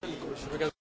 Because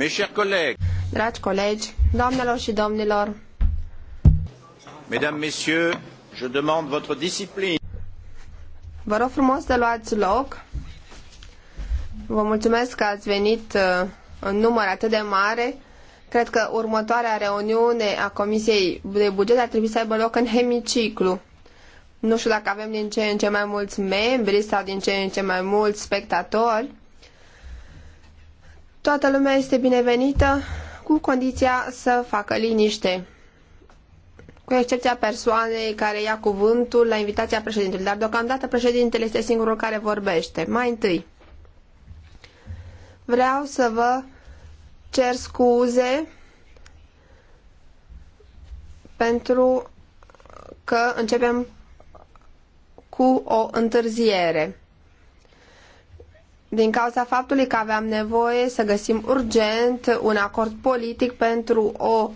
Mes chers collègues. Dragi colegi, doamnelor și domnilor. Mesdames, messieurs, je demande votre discipline. Vă rog frumos să luați loc. Vă mulțumesc că ați venit uh, în număr atât de mare. Cred că următoarea reuniune a Comisiei de Buget ar trebui să aibă loc în hemiciclu. Nu știu dacă avem din ce în ce mai mulți membri sau din ce în ce mai mulți spectatori. Toată lumea este binevenită cu condiția să facă liniște, cu excepția persoanei care ia cuvântul la invitația președintelui, dar deocamdată președintele este singurul care vorbește. Mai întâi, vreau să vă cer scuze pentru că începem cu o întârziere din cauza faptului că aveam nevoie să găsim urgent un acord politic pentru o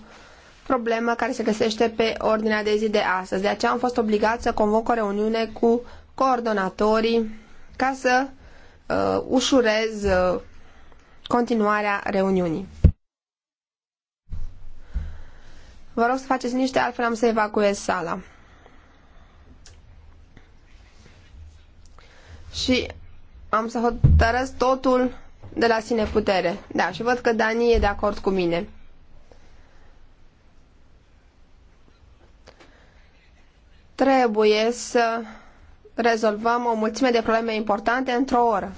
problemă care se găsește pe ordinea de zi de astăzi. De aceea am fost obligat să convoc o reuniune cu coordonatorii ca să uh, ușurez uh, continuarea reuniunii. Vă rog să faceți niște, altfel am să evacuez sala. Și am să hotărăs totul de la sine putere. Da, și văd că Dani e de acord cu mine. Trebuie să rezolvăm o mulțime de probleme importante într-o oră.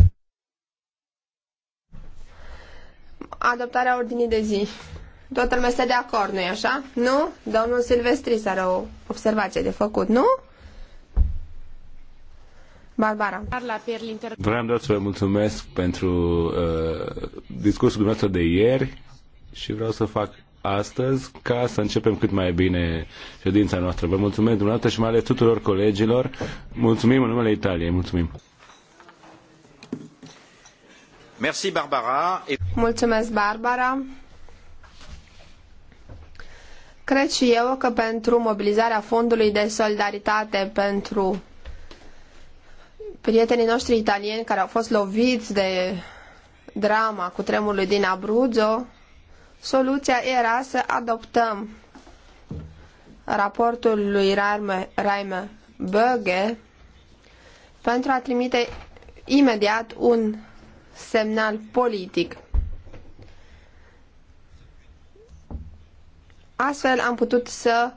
Adoptarea ordinii de zi. Toată lumea este de acord, nu-i așa? Nu? Domnul Silvestris are o observație de făcut, nu? Barbara. Vreau doar să vă mulțumesc pentru uh, discursul dumneavoastră de ieri și vreau să fac astăzi ca să începem cât mai bine ședința noastră. Vă mulțumesc dumneavoastră și mai ales tuturor colegilor. Mulțumim în numele Italiei. Mulțumim. Merci, Barbara. Mulțumesc, Barbara. Cred și eu că pentru mobilizarea Fondului de Solidaritate pentru prietenii noștri italieni care au fost loviți de drama cu tremurul din Abruzzo, soluția era să adoptăm raportul lui Raime, Raime Böge pentru a trimite imediat un semnal politic. Astfel am putut să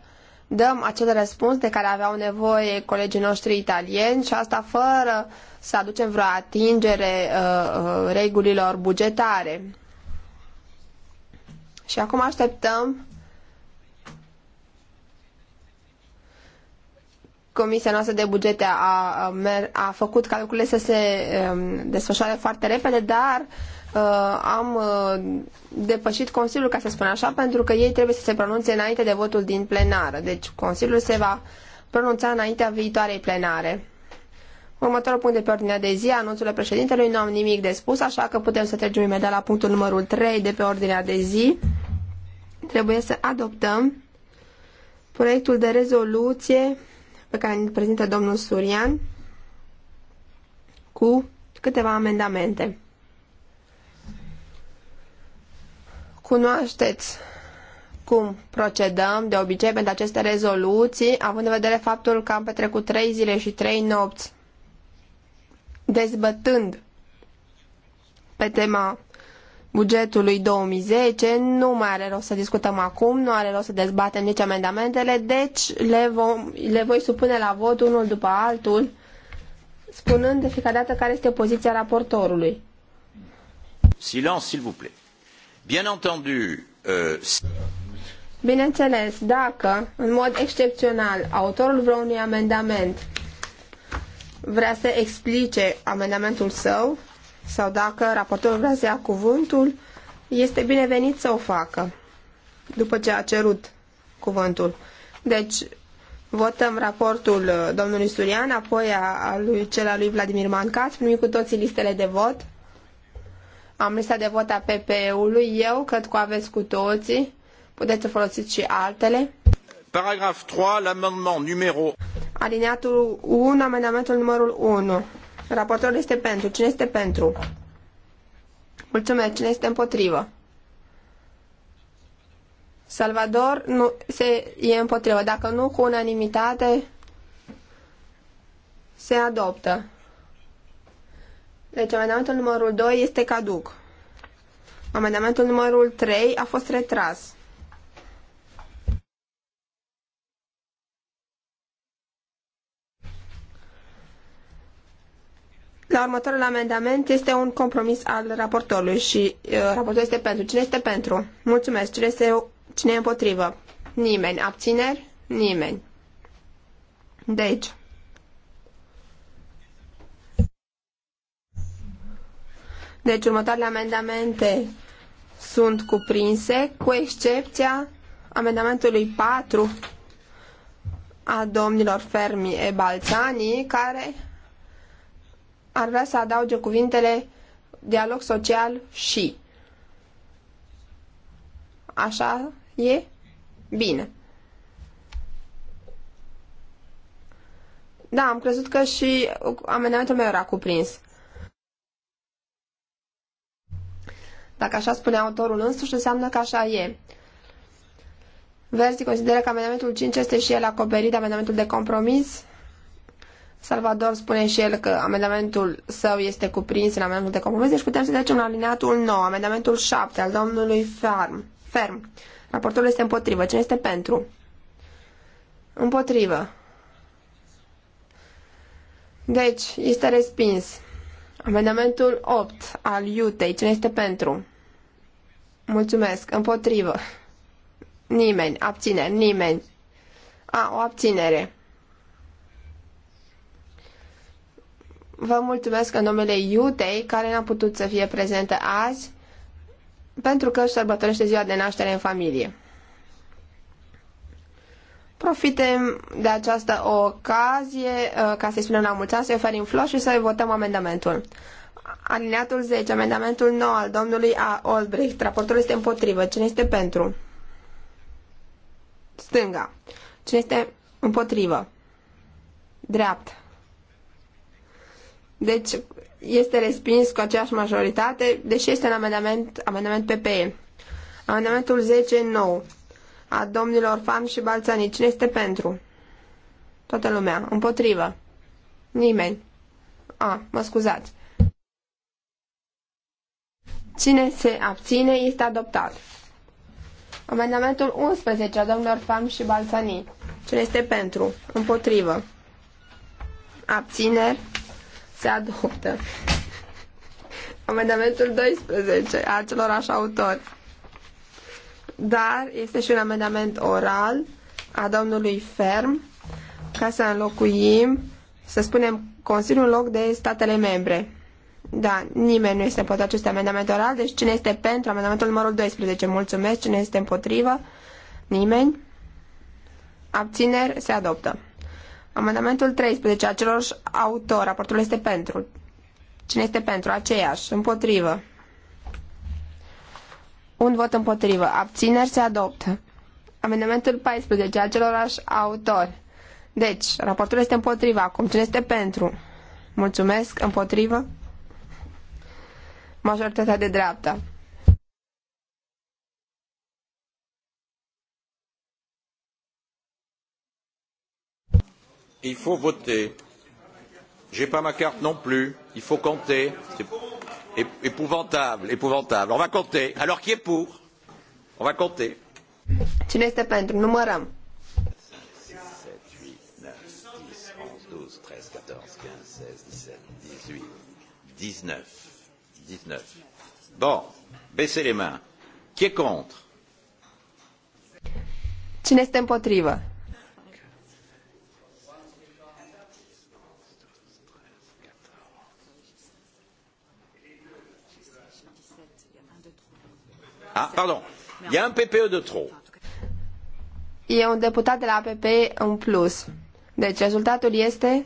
dăm acel răspuns de care aveau nevoie colegii noștri italieni și asta fără să aducem vreo atingere uh, uh regulilor bugetare. Și acum așteptăm Comisia noastră de bugete a, a, a făcut calculele să se um, desfășoare foarte repede, dar uh, uh, am uh, depășit Consiliul, ca să spun așa, pentru că ei trebuie să se pronunțe înainte de votul din plenară. Deci Consiliul se va pronunța înaintea viitoarei plenare. Următorul punct de pe ordinea de zi, anunțurile președintelui, nu am nimic de spus, așa că putem să trecem imediat la punctul numărul 3 de pe ordinea de zi. Trebuie să adoptăm proiectul de rezoluție pe care îl prezintă domnul Surian cu câteva amendamente. Cunoașteți cum procedăm de obicei pentru aceste rezoluții, având în vedere faptul că am petrecut trei zile și trei nopți dezbătând pe tema bugetului 2010, nu mai are rost să discutăm acum, nu are rost să dezbatem nici amendamentele, deci le, vom, le voi supune la vot unul după altul, spunând de fiecare dată care este poziția raportorului. Silence, s'il vous plaît. Bien euh, Bineînțeles, dacă, în mod excepțional, autorul vreunui amendament vrea să explice amendamentul său sau dacă raportorul vrea să ia cuvântul, este binevenit să o facă după ce a cerut cuvântul. Deci, votăm raportul uh, domnului Surian, apoi a, a lui, cel al lui Vladimir Mancat, primim cu toții listele de vot. Am lista de vot a PPE-ului, eu cred că o aveți cu toții. Puteți să folosiți și altele. Paragraf 3, l'amendement numero... Alineatul 1, amendamentul numărul 1. Raportorul este pentru. Cine este pentru? Mulțumesc. Cine este împotrivă? Salvador nu se e împotrivă. Dacă nu, cu unanimitate se adoptă. Deci amendamentul numărul 2 este caduc. Amendamentul numărul 3 a fost retras. La următorul amendament este un compromis al raportorului și uh, raportorul este pentru. Cine este pentru? Mulțumesc. Cine, este, cine e împotrivă? Nimeni. Abțineri? Nimeni. Deci, Deci următoarele amendamente sunt cuprinse, cu excepția amendamentului 4 a domnilor Fermi e Balțani, care ar vrea să adauge cuvintele dialog social și. Așa e? Bine. Da, am crezut că și amendamentul meu era cuprins. Dacă așa spune autorul însuși, înseamnă că așa e. Verzi consideră că amendamentul 5 este și el acoperit de amendamentul de compromis. Salvador spune și el că amendamentul său este cuprins în amendamentul de compromis, deci putem să trecem la alineatul 9, amendamentul 7 al domnului Ferm. Ferm. Raportul este împotrivă. Cine este pentru? Împotrivă. Deci, este respins. Amendamentul 8 al Iutei. Cine este pentru? Mulțumesc. Împotrivă. Nimeni. Abțineri. Nimeni. A, o abținere. Vă mulțumesc în numele Iutei, care n-a putut să fie prezentă azi, pentru că își sărbătorește ziua de naștere în familie. Profitem de această ocazie uh, ca să-i spunem la mulți ani, să-i oferim flori și să-i votăm amendamentul. Alineatul 10, amendamentul 9 al domnului A. Olbricht. Raportul este împotrivă. Cine este pentru? Stânga. Cine este împotrivă? Dreapta. Deci este respins cu aceeași majoritate, deși este un amendament, amendament PPE. Amendamentul 10, nou. A domnilor Fan și Balțani. Cine este pentru? Toată lumea. Împotrivă. Nimeni. A, mă scuzați. Cine se abține este adoptat. Amendamentul 11 a domnilor Fam și Balsani. Cine este pentru? Împotrivă. Abține. Se adoptă. Amendamentul 12 a așa autori. Dar este și un amendament oral a domnului Ferm ca să înlocuim, să spunem, Consiliul în loc de statele membre. Da, nimeni nu este pot acest amendament oral, deci cine este pentru amendamentul numărul 12? Mulțumesc, cine este împotrivă? Nimeni. Abțineri, se adoptă. Amendamentul 13, aceloși autor, raportul este pentru. Cine este pentru? Aceeași, împotrivă. Un vot împotrivă. Abțineri se adoptă. Amendamentul 14, acelorași autori. Deci, raportul este împotrivă acum. Cine este pentru? Mulțumesc, împotrivă majoritatea de dreapta. Il faut voter. J'ai pas ma carte non plus. Il faut compter. C'est épouvantable, épouvantable. On va compter. Alors qui est pour On va compter. Cine este pentru? Numărăm. 6, 7, 8, 9, 10, 11, 12, 13, 14, 15, 16, 17, 18, 19 dix neuf bon baissez les mains qui est contre cine este împotrivă Ah, pardon. Il y a un PPE de trop. E un deputat de la PP în plus. Deci rezultatul este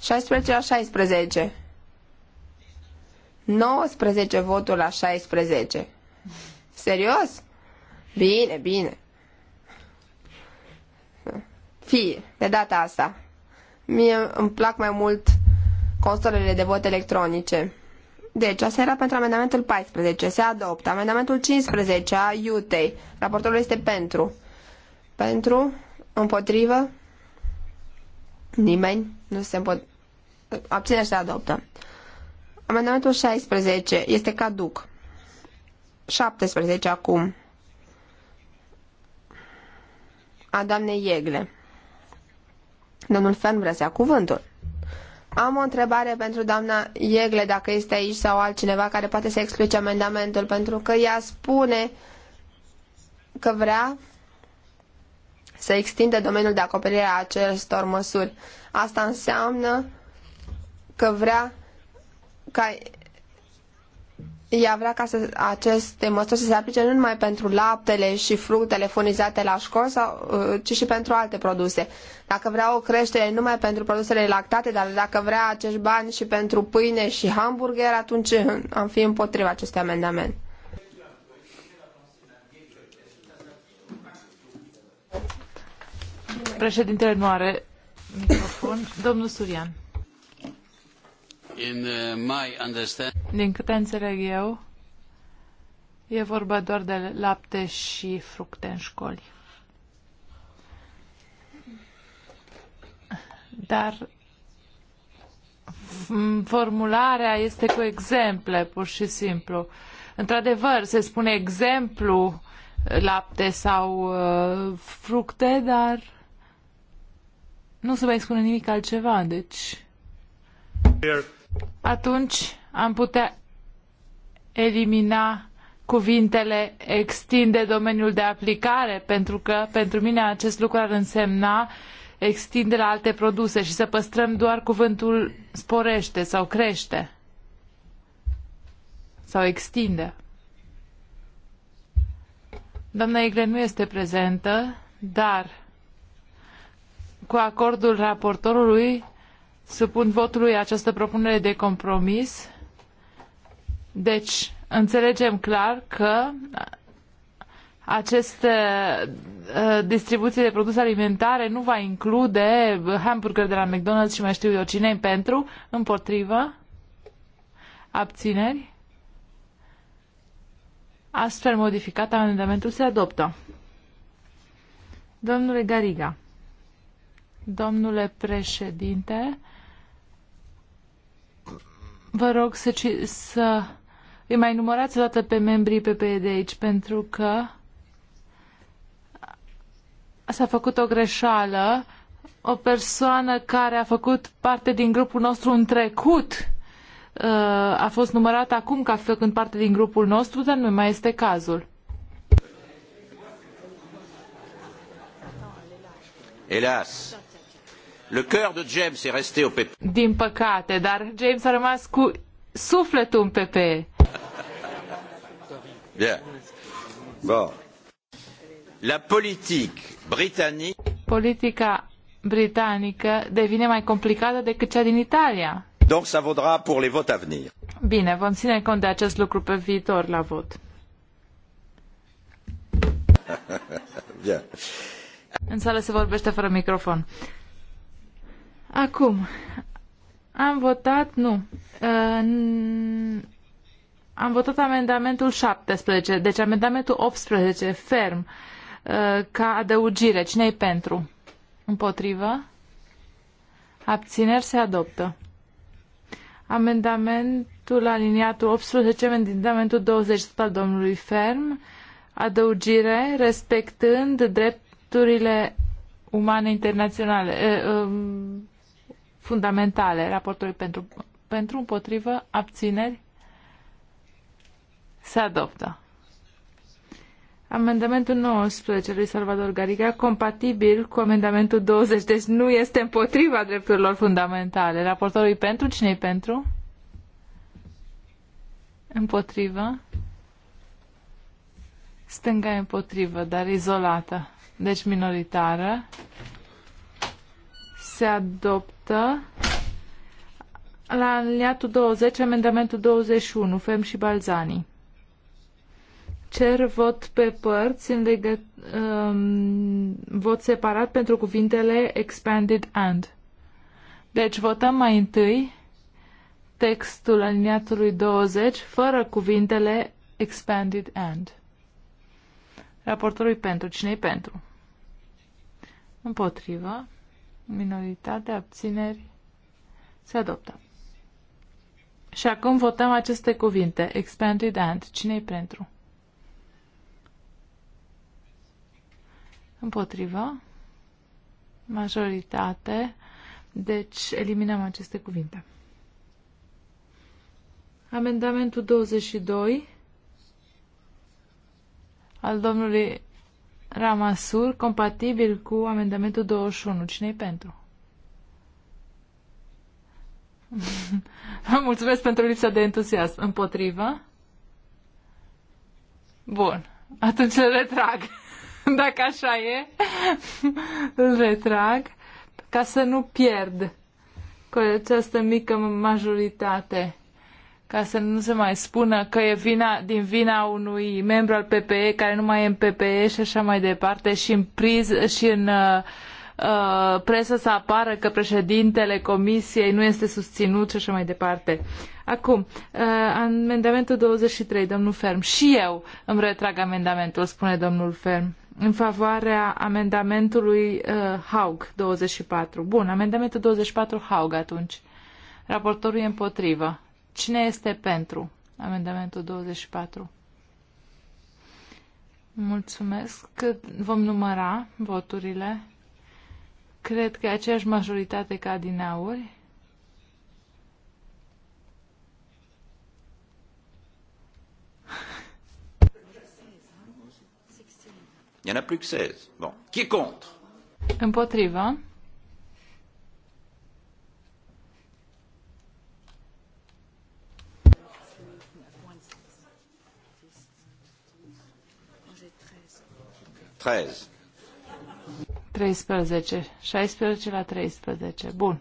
16 la 16. 19 voturi la 16. Serios? Bine, bine. Fie, de data asta. Mie îmi plac mai mult consolele de vot electronice. Deci, asta era pentru amendamentul 14. Se adoptă. Amendamentul 15 a Iutei. Raportorul este pentru. Pentru? Împotrivă? Nimeni? Nu se împot... Abține și se adoptă. Amendamentul 16 este caduc. 17 acum. A doamnei Iegle. Domnul Fern vrea să ia cuvântul. Am o întrebare pentru doamna Iegle, dacă este aici sau altcineva care poate să explice amendamentul, pentru că ea spune că vrea să extindă domeniul de acoperire a acestor măsuri. Asta înseamnă că vrea ca ea vrea ca să, aceste măsuri să se aplice nu numai pentru laptele și fructele furnizate la școli, sau, uh, ci și pentru alte produse. Dacă vrea o creștere numai pentru produsele lactate, dar dacă vrea acești bani și pentru pâine și hamburger, atunci uh, am fi împotriva acestui amendament. Președintele nu are microfon. Domnul Surian in uh, my understanding. Din câte înțeleg eu, e vorba doar de lapte și fructe în școli. Dar formularea este cu exemple, pur și simplu. Într-adevăr, se spune exemplu uh, lapte sau uh, fructe, dar nu se mai spune nimic altceva, deci... Here atunci am putea elimina cuvintele extinde domeniul de aplicare, pentru că pentru mine acest lucru ar însemna extinde la alte produse și să păstrăm doar cuvântul sporește sau crește sau extinde. Doamna Igre nu este prezentă, dar cu acordul raportorului supun votului această propunere de compromis. Deci, înțelegem clar că aceste ă, distribuții de produse alimentare nu va include hamburger de la McDonald's și mai știu eu cine pentru, împotrivă, abțineri. Astfel modificat, amendamentul se adoptă. Domnule Gariga, domnule președinte, Vă rog să, să îi mai numărați o dată pe membrii PPE de aici, pentru că s-a făcut o greșeală. O persoană care a făcut parte din grupul nostru în trecut uh, a fost numărată acum ca făcând parte din grupul nostru, dar nu mai este cazul. Elas! Le cœur de James est resté au PP. Din păcate, dar James a rămas cu sufletul în PP. Bien. Bon. La politique britannique. Politica britanică devine mai complicată decât cea din Italia. Donc ça vaudra pour les votes à venir. Bine, vom ține cont de acest lucru pe viitor la vot. În sală se vorbește fără microfon. Acum, am votat, nu, uh, am votat amendamentul 17, deci amendamentul 18, ferm, uh, ca adăugire. Cine-i pentru? Împotrivă? Abțineri se adoptă. Amendamentul aliniatul 18, amendamentul 20 al domnului Ferm, adăugire respectând drepturile umane internaționale. Uh, uh, fundamentale raportului pentru, pentru împotrivă abțineri se adoptă. Amendamentul 19 lui Salvador Gariga, compatibil cu amendamentul 20, deci nu este împotriva drepturilor fundamentale. Raportorul pentru? cine pentru? Împotrivă. Stânga e împotrivă, dar izolată, deci minoritară se adoptă. La aliniatul 20, amendamentul 21, Fem și Balzani. Cer vot pe părți în legă, um, vot separat pentru cuvintele expanded and. Deci votăm mai întâi textul aliniatului 20 fără cuvintele expanded and. Raportorul pentru. cine pentru? Împotrivă minoritate, abțineri, se adoptă. Și acum votăm aceste cuvinte. Expanded and. Cine-i pentru? Împotrivă. Majoritate. Deci eliminăm aceste cuvinte. Amendamentul 22 al domnului Ramasur, compatibil cu amendamentul 21. Cine-i pentru? mulțumesc pentru lipsa de entuziasm. Împotrivă? Bun. Atunci îl retrag. Dacă așa e, îl retrag ca să nu pierd cu această mică majoritate ca să nu se mai spună că e vina, din vina unui membru al PPE care nu mai e în PPE și așa mai departe și în priz și în uh, uh, presă să apară că președintele comisiei nu este susținut și așa mai departe. Acum, uh, amendamentul 23, domnul Ferm. Și eu îmi retrag amendamentul, spune domnul Ferm, în favoarea amendamentului uh, Haug 24. Bun, amendamentul 24 Haug atunci. Raportorul e împotrivă. Cine este pentru amendamentul 24? Mulțumesc. Vom număra voturile. Cred că e aceeași majoritate ca din auri. Il n'y en a plus que 16. Bon. Qui est contre Împotrivă. 13. 13. 16 la 13. Bun.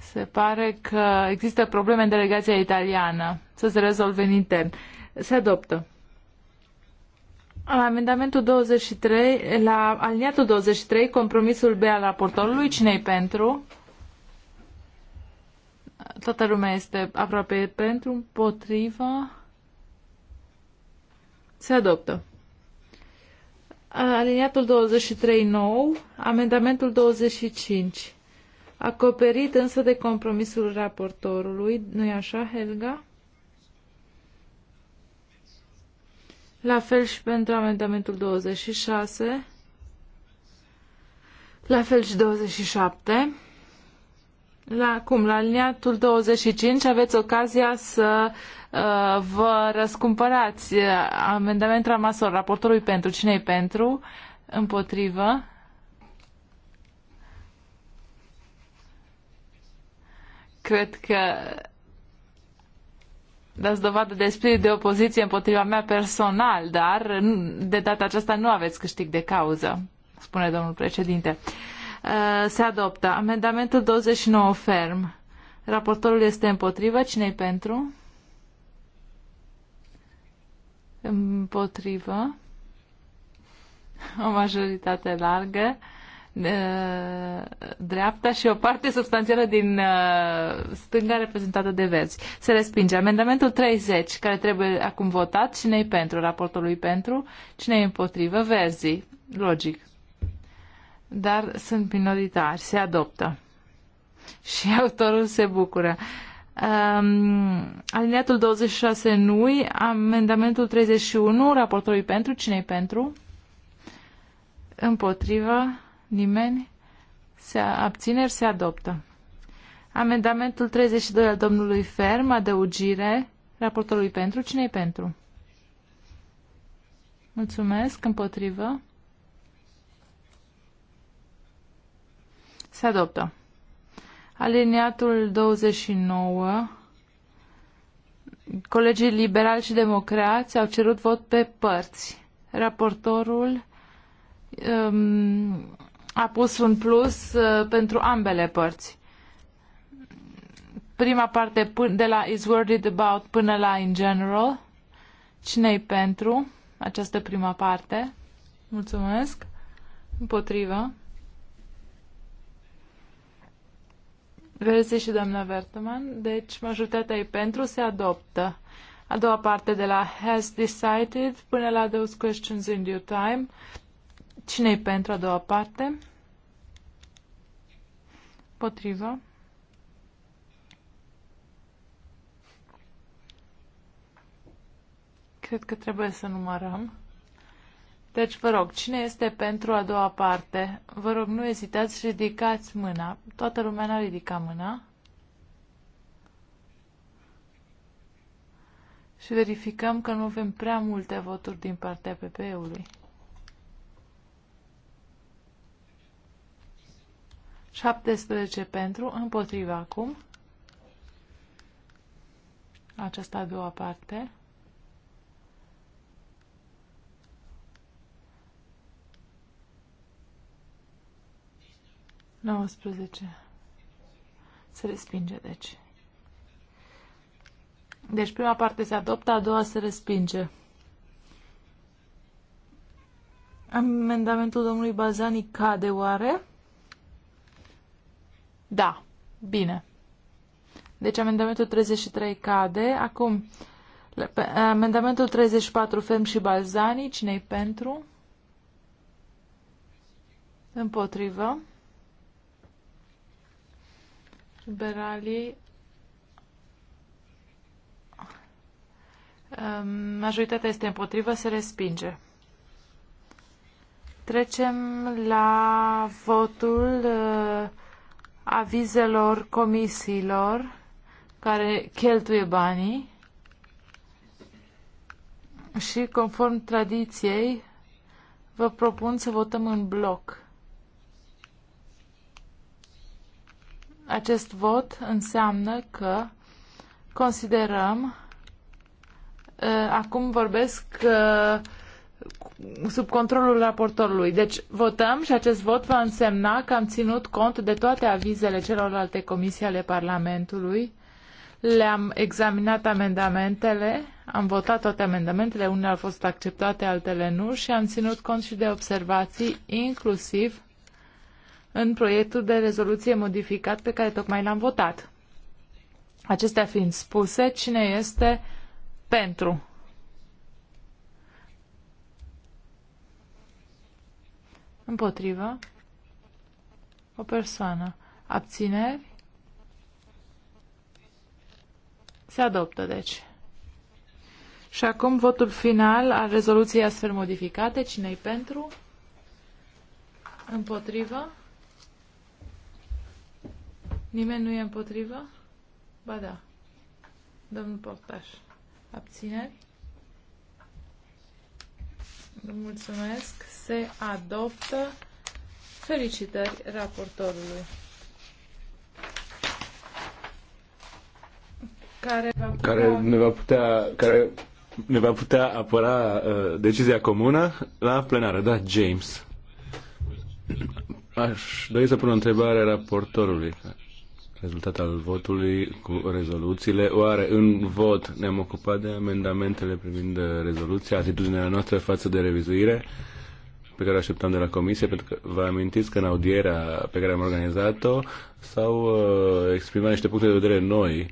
Se pare că există probleme în delegația italiană. Să se rezolve în intern. Se adoptă. Amendamentul 23, la aliniatul 23, compromisul B al raportorului, cine pentru? Toată lumea este aproape pentru, împotriva. Se adoptă. Aliniatul 23 nou, amendamentul 25. Acoperit însă de compromisul raportorului, nu-i așa, Helga? La fel și pentru amendamentul 26. La fel și 27. La acum, la aliniatul 25, aveți ocazia să uh, vă răscumpărați uh, amendamentul Ramasor, raportorului pentru. cine e pentru? Împotrivă? Cred că dați dovadă de spirit de opoziție împotriva mea personal, dar de data aceasta nu aveți câștig de cauză, spune domnul președinte. Uh, Uh, se adoptă. Amendamentul 29 ferm. Raportorul este împotrivă. Cine-i pentru? Împotrivă. O majoritate largă. Uh, dreapta și o parte substanțială din uh, stânga reprezentată de verzi. Se respinge. Amendamentul 30, care trebuie acum votat. Cine-i pentru? Raportorului pentru? Cine-i împotrivă? Verzii. Logic dar sunt minoritari, se adoptă. Și autorul se bucură. Um, alineatul 26 nu amendamentul 31, raportorul pentru, cine pentru? Împotrivă, nimeni? Se abțineri, se adoptă. Amendamentul 32 al domnului Ferm, adăugire, raportorului pentru, cine pentru? Mulțumesc, împotrivă, Se adoptă. Aliniatul 29. Colegii liberali și democrați au cerut vot pe părți. Raportorul um, a pus un plus uh, pentru ambele părți. Prima parte de la is worried about până la in general. cine e pentru această prima parte? Mulțumesc. Împotrivă. Versi și doamna Verteman, deci majoritatea e pentru, se adoptă. A doua parte de la has decided până la those questions in due time. cine e pentru a doua parte? Potriva. Cred că trebuie să numărăm. Deci, vă rog, cine este pentru a doua parte? Vă rog, nu ezitați, ridicați mâna. Toată lumea n-a ridicat mâna. Și verificăm că nu avem prea multe voturi din partea PP-ului. 17 pentru, împotriva acum. Aceasta a doua parte. 19. Se respinge, deci. Deci prima parte se adoptă, a doua se respinge. Amendamentul domnului Bazani cade oare? Da. Bine. Deci amendamentul 33 cade. Acum, amendamentul 34, Fem și Balzani, cine-i pentru? Împotrivă. Liberalii um, Majoritatea este împotrivă, se respinge. Trecem la votul uh, avizelor comisiilor care cheltuie banii și, conform tradiției, vă propun să votăm în bloc. Acest vot înseamnă că considerăm, ă, acum vorbesc ă, sub controlul raportorului. Deci votăm și acest vot va însemna că am ținut cont de toate avizele celorlalte comisii ale Parlamentului. Le-am examinat amendamentele, am votat toate amendamentele, unele au fost acceptate, altele nu și am ținut cont și de observații, inclusiv în proiectul de rezoluție modificat pe care tocmai l-am votat. Acestea fiind spuse, cine este pentru? Împotrivă? O persoană. Abțineri? Se adoptă, deci. Și acum votul final al rezoluției astfel modificate. Cine-i pentru? Împotrivă? Nimeni nu e împotrivă? Ba da. Domnul Portaș. Abțineri? Mulțumesc. Se adoptă. Felicitări raportorului. Care, va putea... care ne va putea care ne va putea apăra uh, decizia comună la plenară, da, James. Aș dori să pun o întrebare raportorului rezultat al votului cu rezoluțiile. Oare în vot ne-am ocupat de amendamentele privind uh, rezoluția, atitudinea noastră față de revizuire pe care o așteptam de la comisie, pentru că vă amintiți că în audierea pe care am organizat-o s-au uh, exprimat niște puncte de vedere noi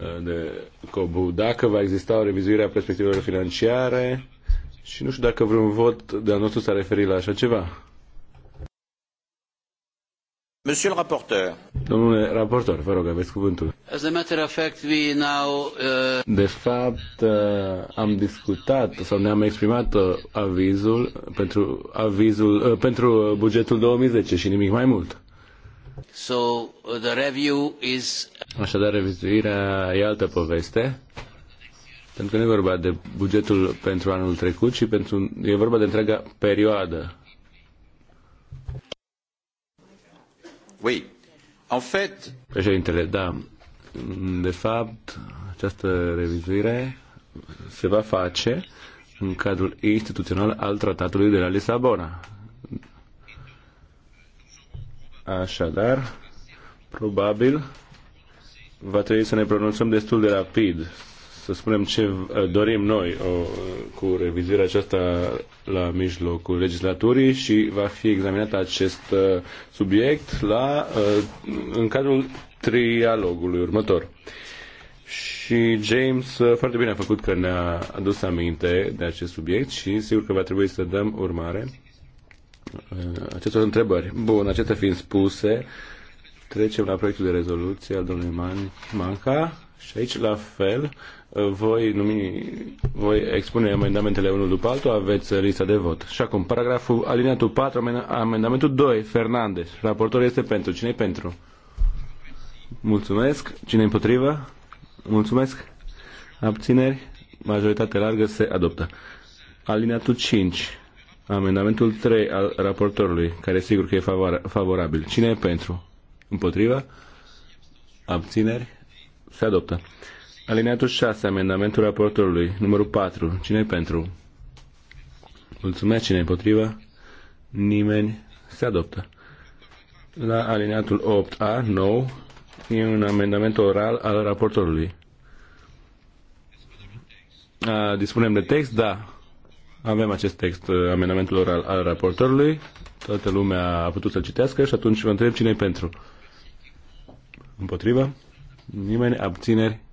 uh, de COBU. Dacă va exista o revizuire a perspectivelor financiare și nu știu dacă vreun vot de-al nostru s-a referit la așa ceva. Monsieur le rapporteur. Domnule raportor, vă rog, aveți cuvântul. As a matter of fact, we now, uh... De fapt, uh, am discutat sau ne-am exprimat uh, avizul pentru, avizul, uh, pentru bugetul 2010 și nimic mai mult. So, uh, the review is... Așadar, revizuirea e altă poveste. Pentru că nu e vorba de bugetul pentru anul trecut, ci pentru, e vorba de întreaga perioadă Oui. En fait... Președintele, da. De fapt, această revizuire se va face în cadrul instituțional al Tratatului de la Lisabona. Așadar, probabil va trebui să ne pronunțăm destul de rapid să spunem ce dorim noi o, cu revizuirea aceasta la mijlocul legislaturii și va fi examinat acest uh, subiect la, uh, în cadrul trialogului următor. Și James uh, foarte bine a făcut că ne-a adus aminte de acest subiect și sigur că va trebui să dăm urmare acestor întrebări. Bun, acestea fiind spuse, trecem la proiectul de rezoluție al domnului Manca și aici la fel voi, numi, voi expune amendamentele unul după altul, aveți lista de vot. Și acum, paragraful alineatul 4, amendamentul 2, Fernandez. Raportorul este pentru. cine e pentru? Mulțumesc. cine e împotrivă? Mulțumesc. Abțineri? Majoritate largă se adoptă. Alineatul 5, amendamentul 3 al raportorului, care sigur că e favorabil. Cine e pentru? Împotrivă? Abțineri? Se adoptă. Alineatul 6, amendamentul raportorului, numărul 4. cine pentru? Mulțumesc, cine împotriva? Nimeni se adoptă. La alineatul 8A, nou, e un amendament oral al raportorului. A, dispunem de text? Da. Avem acest text, uh, amendamentul oral al raportorului. Toată lumea a putut să-l citească și atunci vă întreb cine e pentru. Împotriva? Nimeni? Abțineri?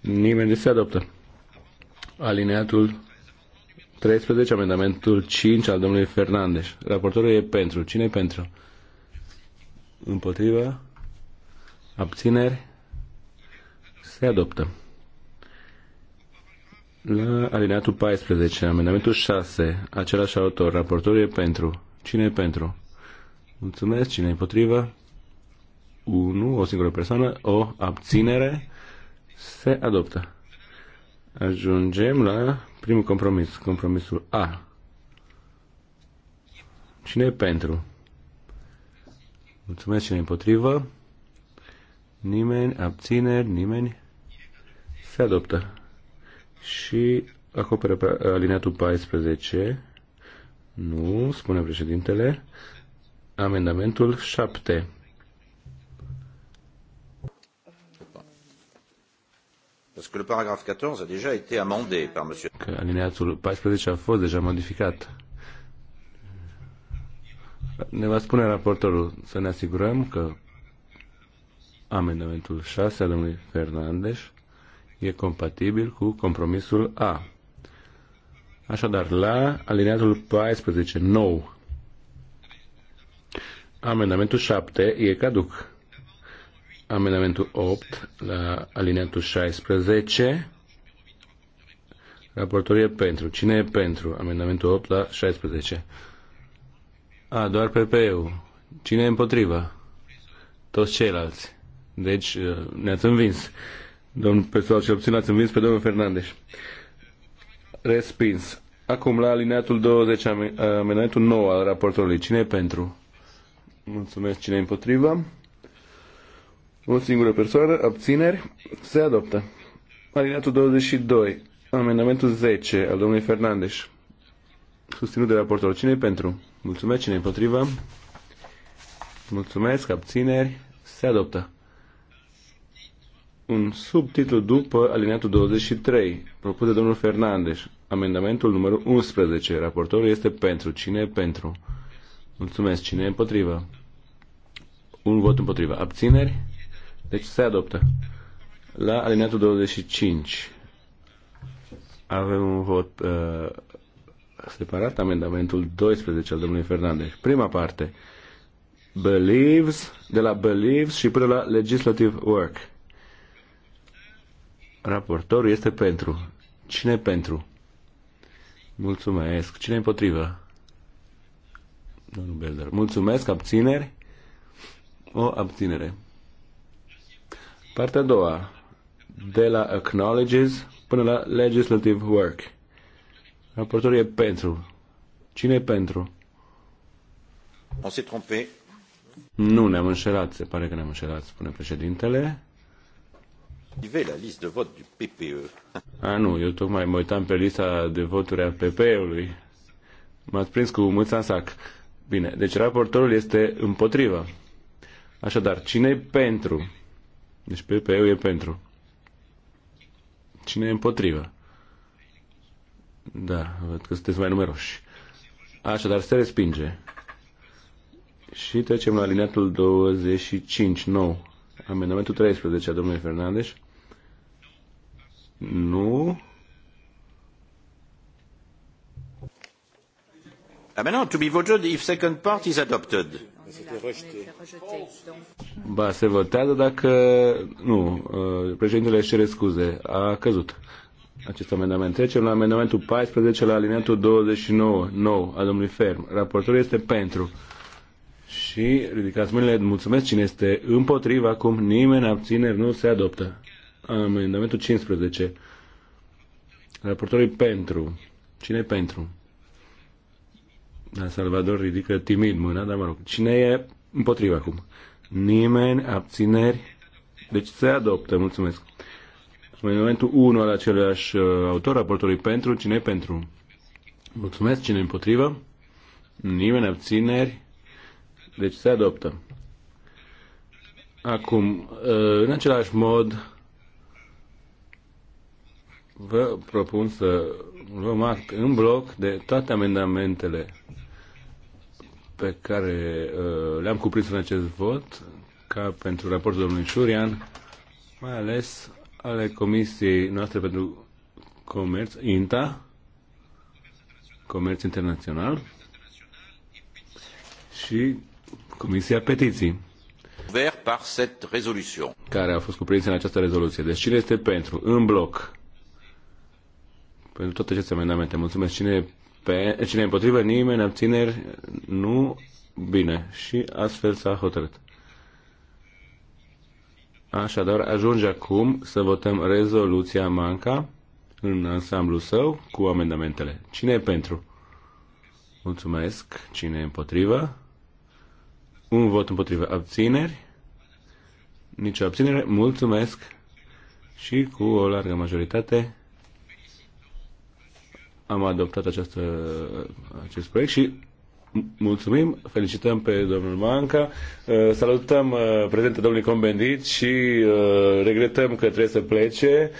Nimeni nu se adoptă. Alineatul 13, amendamentul 5 al domnului Fernandez. Raportorul e pentru. Cine e pentru? Împotriva? Abțineri? Se adoptă. La alineatul 14, amendamentul 6, același autor, raportorul e pentru. Cine e pentru? Mulțumesc. Cine e împotrivă? 1, o singură persoană, o abținere. Se adoptă. Ajungem la primul compromis, compromisul A. Cine e pentru? Mulțumesc cine împotrivă. Nimeni, abțineri, nimeni. Se adoptă. Și acoperă alineatul 14. Nu, spune președintele. Amendamentul 7. Parce que le paragraphe 14 a déjà été amendé par monsieur. Că alineatul 14 a fost deja modificat. Ne va spune raportorul să ne asigurăm că amendamentul 6 al domnului Fernandes e compatibil cu compromisul A. Așadar, la alineatul 14, nou, amendamentul 7 e caduc amendamentul 8 la alineatul 16. Raportorie pentru. Cine e pentru amendamentul 8 la 16? A, doar PP-ul. Cine e împotriva? Toți ceilalți. Deci uh, ne-ați învins. Domnul Pesual și puțin ați învins pe domnul Fernandes. Respins. Acum la alineatul 20, amendamentul 9 al raportorului. Cine e pentru? Mulțumesc. Cine e împotriva? o singură persoană, abțineri, se adoptă. Alineatul 22, amendamentul 10 al domnului Fernandes, susținut de raportor. cine pentru? Mulțumesc, cine împotrivă? Mulțumesc, abțineri, se adoptă. Un subtitlu după alineatul 23, propus de domnul Fernandes, amendamentul numărul 11. Raportorul este pentru. Cine e pentru? Mulțumesc. Cine e împotrivă? Un vot împotrivă. Abțineri? Deci se adoptă. La alineatul 25 avem un vot uh, separat, amendamentul 12 al domnului Fernandez. Prima parte, believes, de la believes și până la legislative work. Raportorul este pentru. Cine pentru? Mulțumesc. Cine împotrivă? Domnul Belder. Mulțumesc. Abțineri? O abținere. Partea a doua, de la acknowledges până la legislative work. Raportorul e pentru. Cine e pentru? On s'est trompé. Nu, ne-am înșelat. Se pare că ne-am înșelat, spune președintele. La lista de vot du PPE. A, nu, eu tocmai mă uitam pe lista de voturi a PPE-ului. M-ați prins cu mâța în sac. Bine, deci raportorul este împotrivă. Așadar, cine e pentru? Deci pe eu e pentru. Cine e împotrivă? Da, văd că sunteți mai numeroși. Așadar, se respinge. Și trecem la alineatul 25, nou. Amendamentul 13 a domnului Fernandes. Nu. Amendment ah, to be voted if second part is adopted. Ba, se votează dacă... Nu, uh, președintele își cere scuze. A căzut acest amendament. Trecem la amendamentul 14 la alineatul 29, nou, a domnului Ferm. Raportul este pentru. Și ridicați mâinile, mulțumesc cine este împotriva, acum nimeni abțineri nu se adoptă. Amendamentul 15. Raportorul pentru. Cine pentru? Salvador ridică timid mâna, dar mă rog. Cine e împotriva acum? Nimeni, abțineri. Deci se adoptă, mulțumesc. Momentul 1 al aceluiași uh, autor, raportului pentru, cine e pentru? Mulțumesc, cine e împotrivă? Nimeni, abțineri. Deci se adoptă. Acum, uh, în același mod, vă propun să luăm act în bloc de toate amendamentele pe care uh, le-am cuprins în acest vot, ca pentru raportul domnului Șurian, mai ales ale Comisiei noastre pentru Comerț, INTA, Comerț Internațional, și Comisia Petiții. Care a fost cuprinsă în această rezoluție. Deci cine este pentru? În bloc. Pentru toate aceste amendamente. Mulțumesc. Cine e pe, cine împotrivă? Nimeni. Abțineri? Nu. Bine. Și astfel s-a hotărât. Așadar, ajunge acum să votăm rezoluția Manca în ansamblu său cu amendamentele. Cine e pentru? Mulțumesc. Cine e împotrivă? Un vot împotrivă. Abțineri? Nici o abținere. Mulțumesc. Și cu o largă majoritate am adoptat această, acest proiect și mulțumim, felicităm pe domnul Manca, uh, salutăm uh, prezentul domnului Combendit și uh, regretăm că trebuie să plece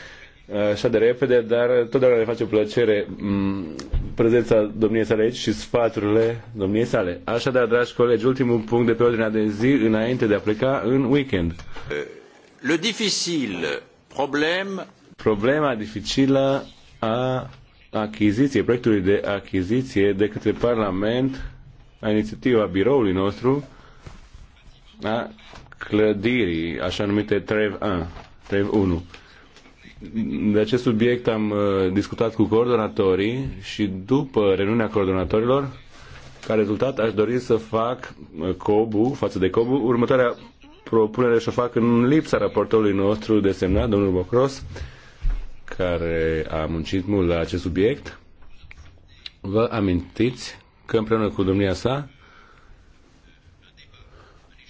așa de repede, dar totdeauna ne face plăcere mm, prezența domniei sale aici și sfaturile domniei sale. Așadar, dragi colegi, ultimul punct de pe ordinea de zi înainte de a pleca în weekend. Le dificil problem... Problema dificilă a achiziție, proiectului de achiziție de către Parlament la inițiativa biroului nostru a clădirii, așa numite TREV 1. TREV 1. De acest subiect am uh, discutat cu coordonatorii și după reuniunea coordonatorilor, ca rezultat aș dori să fac uh, COBU, față de COBU, următoarea propunere și o fac în lipsa raportului nostru desemnat, domnul Bocros, uh, care a muncit mult la acest subiect. Vă amintiți că împreună cu domnia sa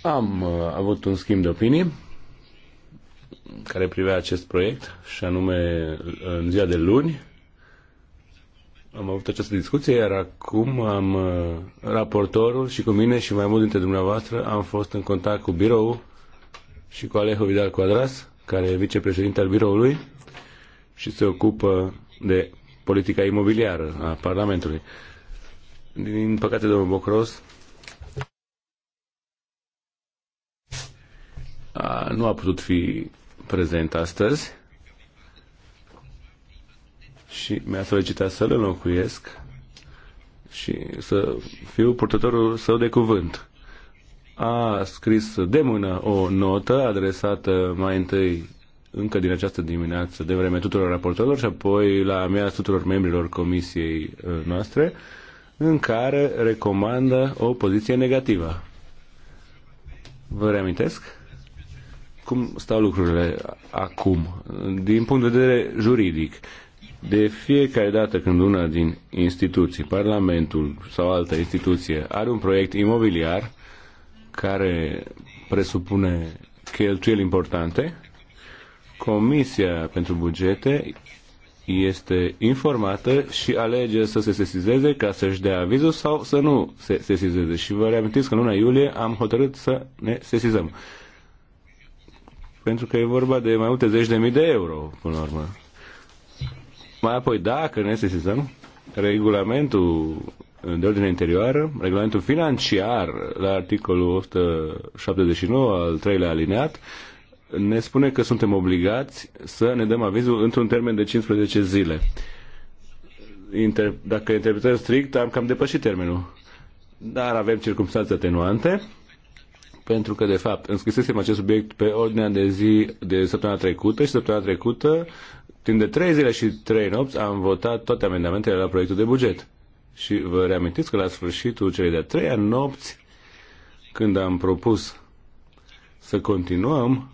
am uh, avut un schimb de opinii care privea acest proiect și anume uh, în ziua de luni am avut această discuție, iar acum am uh, raportorul și cu mine și mai mult dintre dumneavoastră am fost în contact cu biroul și cu Alejo Vidal Cuadras, care e vicepreședinte al biroului și se ocupă de politica imobiliară a Parlamentului. Din păcate, domnul Bocros a, nu a putut fi prezent astăzi și mi-a solicitat să-l înlocuiesc și să fiu purtătorul său de cuvânt. A scris de mână o notă adresată mai întâi încă din această dimineață de vreme tuturor raportorilor și apoi la mea tuturor membrilor comisiei uh, noastre, în care recomandă o poziție negativă. Vă reamintesc? Cum stau lucrurile acum, din punct de vedere juridic? De fiecare dată când una din instituții, Parlamentul sau altă instituție, are un proiect imobiliar care presupune cheltuieli importante, Comisia pentru bugete este informată și alege să se sesizeze ca să-și dea avizul sau să nu se sesizeze. Și vă reamintiți că în luna iulie am hotărât să ne sesizăm. Pentru că e vorba de mai multe zeci de mii de euro, până la urmă. Mai apoi, dacă ne sesizăm, regulamentul de ordine interioară, regulamentul financiar la articolul 179 al treilea alineat, ne spune că suntem obligați să ne dăm avizul într-un termen de 15 zile. Inter- dacă interpretăm strict, am cam depășit termenul. Dar avem circunstanțe atenuante, pentru că, de fapt, înscrisesem acest subiect pe ordinea de zi de săptămâna trecută și săptămâna trecută, timp de 3 zile și 3 nopți, am votat toate amendamentele la proiectul de buget. Și vă reamintiți că la sfârșitul celei de-a treia nopți, când am propus să continuăm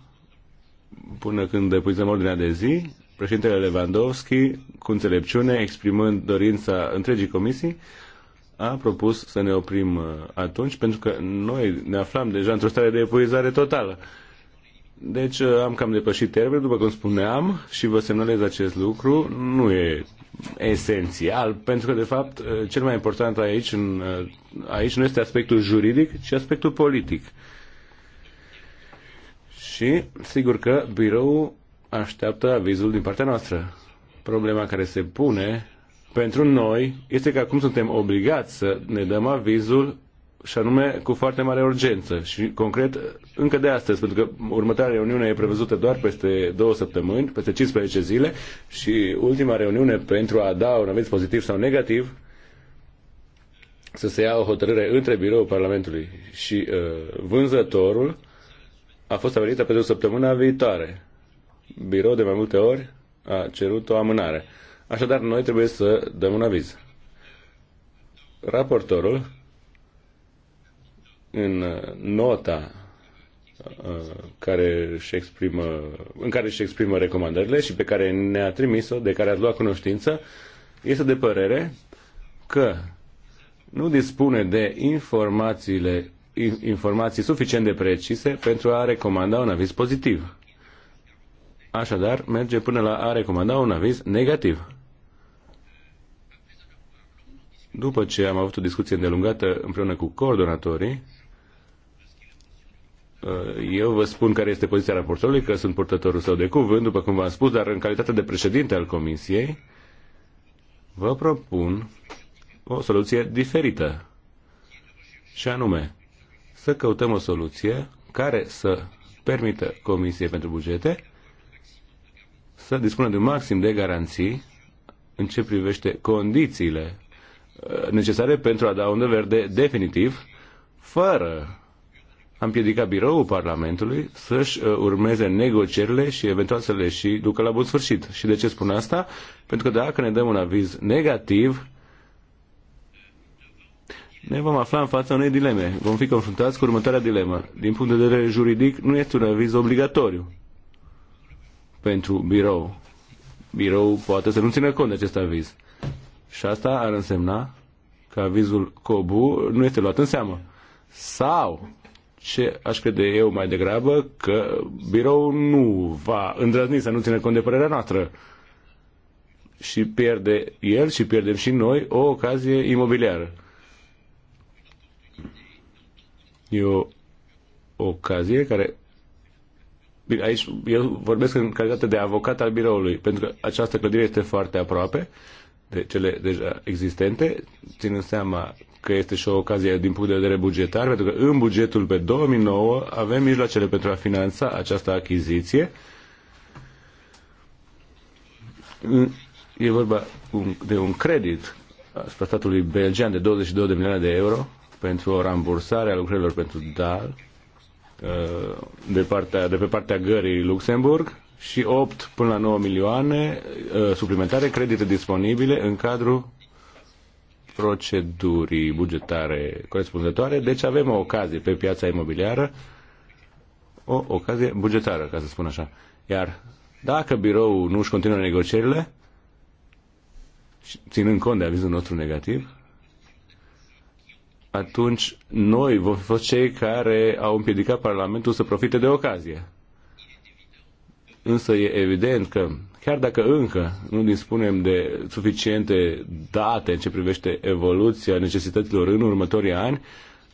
până când depuizăm ordinea de zi, președintele Lewandowski, cu înțelepciune, exprimând dorința întregii comisii, a propus să ne oprim uh, atunci, pentru că noi ne aflam deja într-o stare de epuizare totală. Deci uh, am cam depășit termenul, după cum spuneam, și vă semnalez acest lucru. Nu e esențial, pentru că, de fapt, uh, cel mai important aici, în, aici nu este aspectul juridic, ci aspectul politic. Și sigur că biroul așteaptă avizul din partea noastră. Problema care se pune pentru noi este că acum suntem obligați să ne dăm avizul și anume cu foarte mare urgență și concret încă de astăzi, pentru că următoarea reuniune e prevăzută doar peste două săptămâni, peste 15 zile și ultima reuniune pentru a da un aviz pozitiv sau negativ să se ia o hotărâre între biroul Parlamentului și uh, vânzătorul a fost stabilită pentru săptămâna viitoare. Birou de mai multe ori a cerut o amânare. Așadar, noi trebuie să dăm un aviz. Raportorul, în nota uh, care își exprimă, în care își exprimă recomandările și pe care ne-a trimis-o, de care ați luat cunoștință, este de părere că nu dispune de informațiile informații suficient de precise pentru a recomanda un aviz pozitiv. Așadar, merge până la a recomanda un aviz negativ. După ce am avut o discuție îndelungată împreună cu coordonatorii, ă, eu vă spun care este poziția raportorului, că sunt purtătorul său de cuvânt, după cum v-am spus, dar în calitate de președinte al comisiei, vă propun o soluție diferită. Și anume, să căutăm o soluție care să permită Comisiei pentru Bugete să dispună de un maxim de garanții în ce privește condițiile uh, necesare pentru a da de verde definitiv, fără a împiedica biroul Parlamentului să-și uh, urmeze negocierile și eventual să le și ducă la bun sfârșit. Și de ce spun asta? Pentru că dacă ne dăm un aviz negativ, ne vom afla în fața unei dileme. Vom fi confruntați cu următoarea dilemă. Din punct de vedere juridic, nu este un aviz obligatoriu pentru birou. Birou poate să nu țină cont de acest aviz. Și asta ar însemna că avizul COBU nu este luat în seamă. Sau, ce aș crede eu mai degrabă, că birou nu va îndrăzni să nu țină cont de părerea noastră. Și pierde el și pierdem și noi o ocazie imobiliară. E o ocazie care Bine, aici eu vorbesc în calitate de avocat al biroului, pentru că această clădire este foarte aproape de cele deja existente, ținând seama că este și o ocazie din punct de vedere bugetar, pentru că în bugetul pe 2009 avem mijloacele pentru a finanța această achiziție. E vorba de un credit asupra statului belgean de 22 de milioane de euro pentru o rambursare a lucrărilor pentru DAL uh, de, partea, de pe partea gării Luxemburg și 8 până la 9 milioane uh, suplimentare credite disponibile în cadrul procedurii bugetare corespunzătoare. Deci avem o ocazie pe piața imobiliară, o ocazie bugetară, ca să spun așa. Iar dacă biroul nu își continuă negocierile, ținând cont de avizul nostru negativ, atunci noi vom fi fost cei care au împiedicat Parlamentul să profite de ocazie. Însă e evident că, chiar dacă încă nu dispunem de suficiente date în ce privește evoluția necesităților în următorii ani,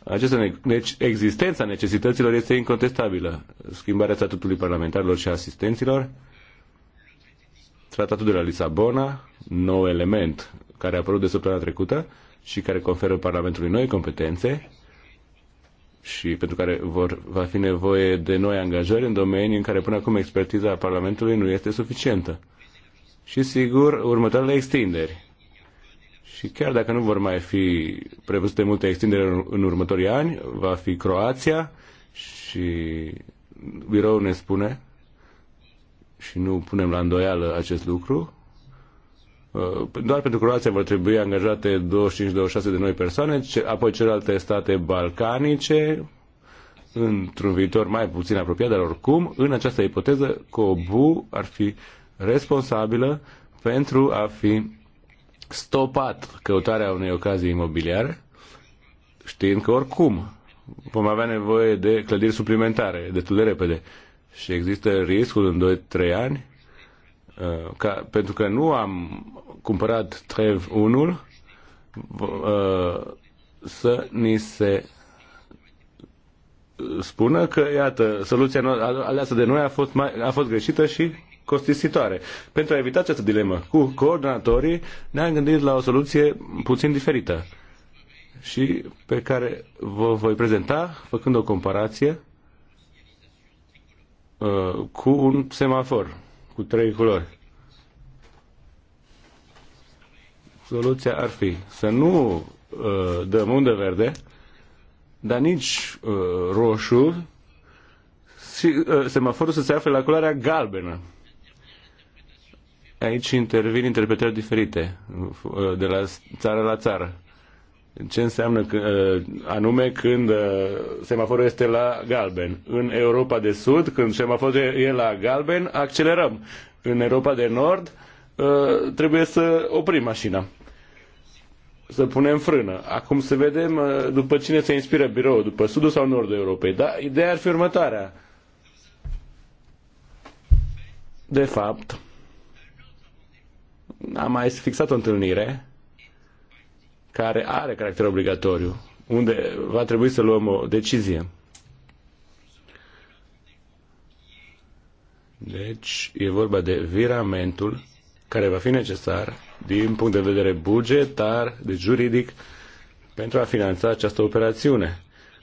această ne- deci existența necesităților este incontestabilă. Schimbarea statutului parlamentarilor și asistenților, tratatul de la Lisabona, nou element care a apărut de săptămâna trecută, și care conferă Parlamentului noi competențe și pentru care vor, va fi nevoie de noi angajări în domenii în care până acum expertiza Parlamentului nu este suficientă. Și sigur, următoarele extinderi. Și chiar dacă nu vor mai fi prevăzute multe extinderi în următorii ani, va fi Croația și biroul ne spune și nu punem la îndoială acest lucru, Uh, doar pentru Croația vor trebui angajate 25-26 de noi persoane, apoi celelalte state balcanice, într-un viitor mai puțin apropiat, dar oricum, în această ipoteză, COBU ar fi responsabilă pentru a fi stopat căutarea unei ocazii imobiliare, știind că oricum vom avea nevoie de clădiri suplimentare destul de repede. Și există riscul în 2-3 ani, uh, ca, pentru că nu am cumpărat Trev 1 uh, să ni se spună că, iată, soluția aleasă de noi a fost, mai, a fost greșită și costisitoare. Pentru a evita această dilemă cu coordonatorii, ne-am gândit la o soluție puțin diferită și pe care vă voi prezenta făcând o comparație uh, cu un semafor cu trei culori. soluția ar fi să nu uh, dăm unde verde, dar nici uh, roșu, și, uh, semaforul să se afle la culoarea galbenă. Aici intervin interpretări diferite uh, de la țară la țară. Ce înseamnă că, uh, anume când uh, semaforul este la galben? În Europa de Sud, când semaforul e la galben, accelerăm. În Europa de Nord, Uh, trebuie să oprim mașina să punem frână. Acum să vedem uh, după cine se inspiră biroul, după sudul sau nordul Europei. Dar ideea ar fi următoarea. De fapt, am mai fixat o întâlnire care are caracter obligatoriu, unde va trebui să luăm o decizie. Deci, e vorba de viramentul care va fi necesar din punct de vedere bugetar, de juridic, pentru a finanța această operațiune.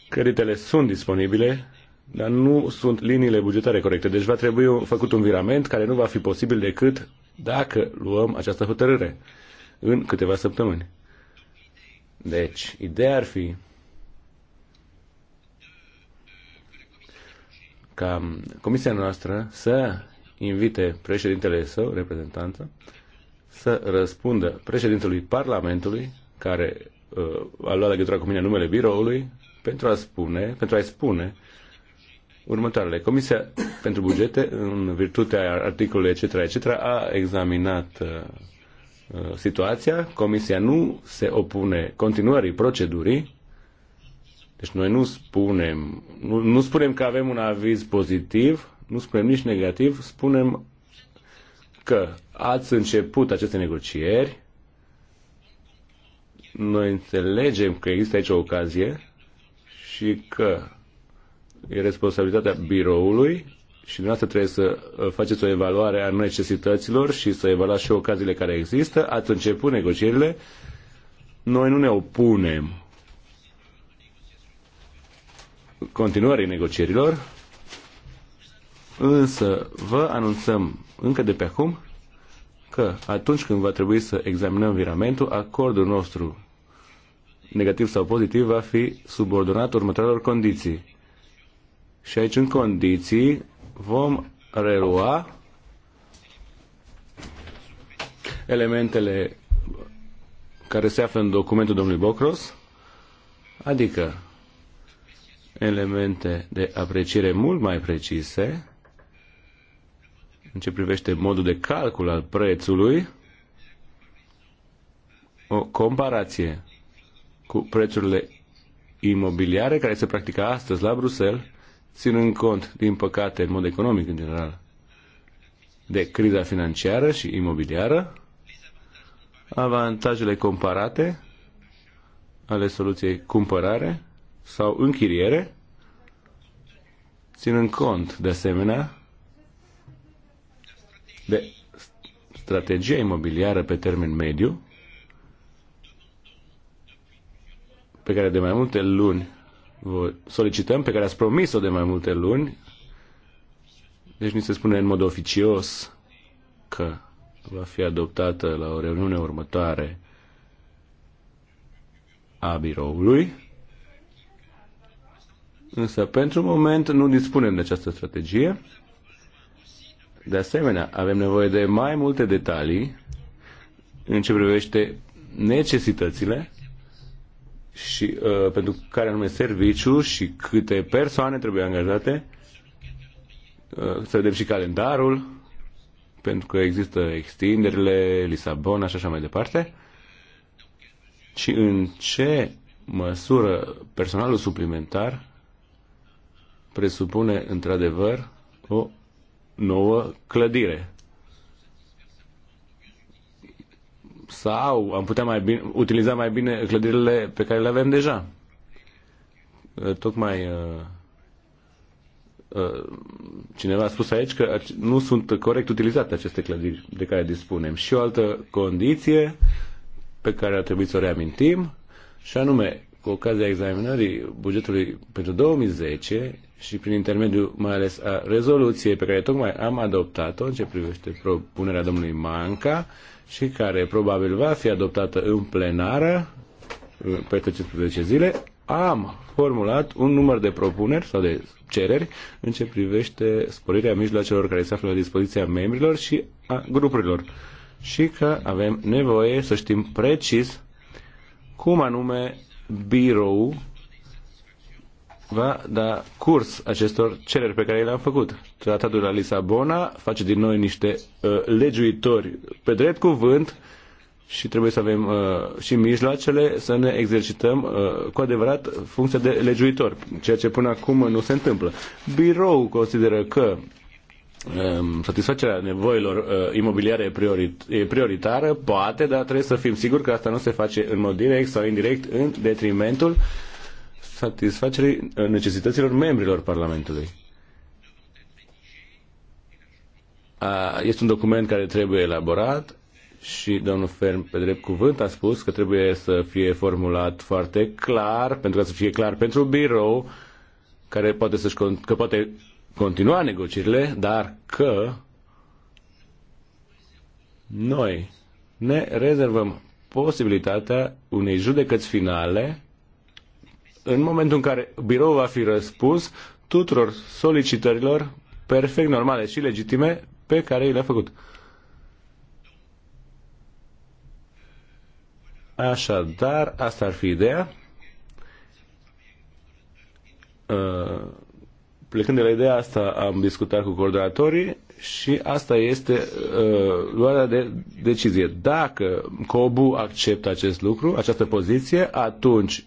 Creditele sunt disponibile, dar nu sunt liniile bugetare corecte. Deci va trebui făcut un virament care nu va fi posibil decât dacă luăm această hotărâre în câteva săptămâni. Deci, ideea ar fi ca comisia noastră să invite președintele său, reprezentanță, să răspundă președintelui Parlamentului, care uh, a luat legătura cu mine numele biroului, pentru a spune, pentru a-i spune următoarele. Comisia pentru bugete, în virtutea articolului etc., etc., a examinat uh, uh, situația. Comisia nu se opune continuării procedurii. Deci noi nu spunem, nu, nu spunem că avem un aviz pozitiv, nu spunem nici negativ, spunem că ați început aceste negocieri, noi înțelegem că există aici o ocazie și că e responsabilitatea biroului și dumneavoastră trebuie să uh, faceți o evaluare a necesităților și să evaluați și ocaziile care există. Ați început negocierile, noi nu ne opunem continuării negocierilor, Însă vă anunțăm încă de pe acum că atunci când va trebui să examinăm viramentul, acordul nostru, negativ sau pozitiv, va fi subordonat următoarelor condiții. Și aici, în condiții, vom relua elementele care se află în documentul domnului Bocros, adică elemente de apreciere mult mai precise, în ce privește modul de calcul al prețului, o comparație cu prețurile imobiliare care se practică astăzi la Bruxelles, ținând cont, din păcate, în mod economic în general, de criza financiară și imobiliară, avantajele comparate ale soluției cumpărare sau închiriere, ținând cont, de asemenea, de strategia imobiliară pe termen mediu, pe care de mai multe luni vă solicităm, pe care ați promis-o de mai multe luni, deci ni se spune în mod oficios că va fi adoptată la o reuniune următoare a biroului, însă pentru moment nu dispunem de această strategie. De asemenea, avem nevoie de mai multe detalii în ce privește necesitățile și uh, pentru care anume serviciu și câte persoane trebuie angajate, uh, să vedem și calendarul, pentru că există extinderile, Lisabona și așa mai departe, și în ce măsură personalul suplimentar presupune într-adevăr o nouă clădire. Sau am putea mai bine, utiliza mai bine clădirile pe care le avem deja. Eh, tocmai eh, eh, cineva a spus aici că nu sunt corect utilizate aceste clădiri de care dispunem. Și o altă condiție pe care ar trebui să o reamintim, și anume, cu ocazia examinării bugetului pentru 2010, și prin intermediul mai ales a rezoluției pe care tocmai am adoptat-o în ce privește propunerea domnului Manca și care probabil va fi adoptată în plenară peste 15 zile, am formulat un număr de propuneri sau de cereri în ce privește sporirea mijloacelor care se află la dispoziția membrilor și a grupurilor și că avem nevoie să știm precis cum anume biroul va da curs acestor cereri pe care le-am făcut. Tratatul la Lisabona face din noi niște uh, legiuitori pe drept cuvânt și trebuie să avem uh, și mijloacele să ne exercităm uh, cu adevărat funcția de legiuitor, ceea ce până acum nu se întâmplă. Birou consideră că um, satisfacerea nevoilor uh, imobiliare e, priorit- e prioritară, poate, dar trebuie să fim siguri că asta nu se face în mod direct sau indirect în detrimentul uh, satisfacerii uh, necesităților membrilor Parlamentului. Este un document care trebuie elaborat și domnul Ferm, pe drept cuvânt, a spus că trebuie să fie formulat foarte clar, pentru ca să fie clar pentru birou, care poate să-și, că poate continua negocierile, dar că noi ne rezervăm posibilitatea unei judecăți finale în momentul în care biroul va fi răspuns tuturor solicitărilor perfect normale și legitime pe care i le-a făcut. Așadar, asta ar fi ideea. Uh, plecând de la ideea asta, am discutat cu coordonatorii și asta este uh, luarea de decizie. Dacă COBU acceptă acest lucru, această poziție, atunci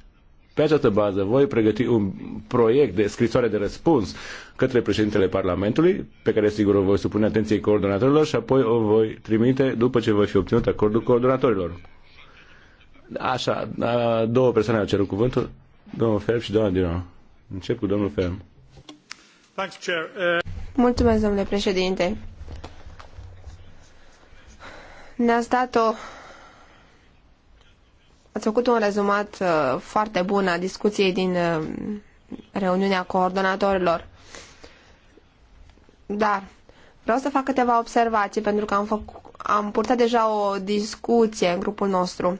pe această bază voi pregăti un proiect de scrisoare de răspuns către președintele Parlamentului, pe care sigur o voi supune atenției coordonatorilor și apoi o voi trimite după ce voi fi obținut acordul coordonatorilor. Așa, două persoane au cerut cuvântul, domnul Ferb și doamna Dino. Încep cu domnul Ferb. Uh, Mulțumesc, domnule președinte. Ne-ați dat o Ați făcut un rezumat uh, foarte bun a discuției din uh, reuniunea coordonatorilor. Dar vreau să fac câteva observații pentru că am, făcut, am purtat deja o discuție în grupul nostru.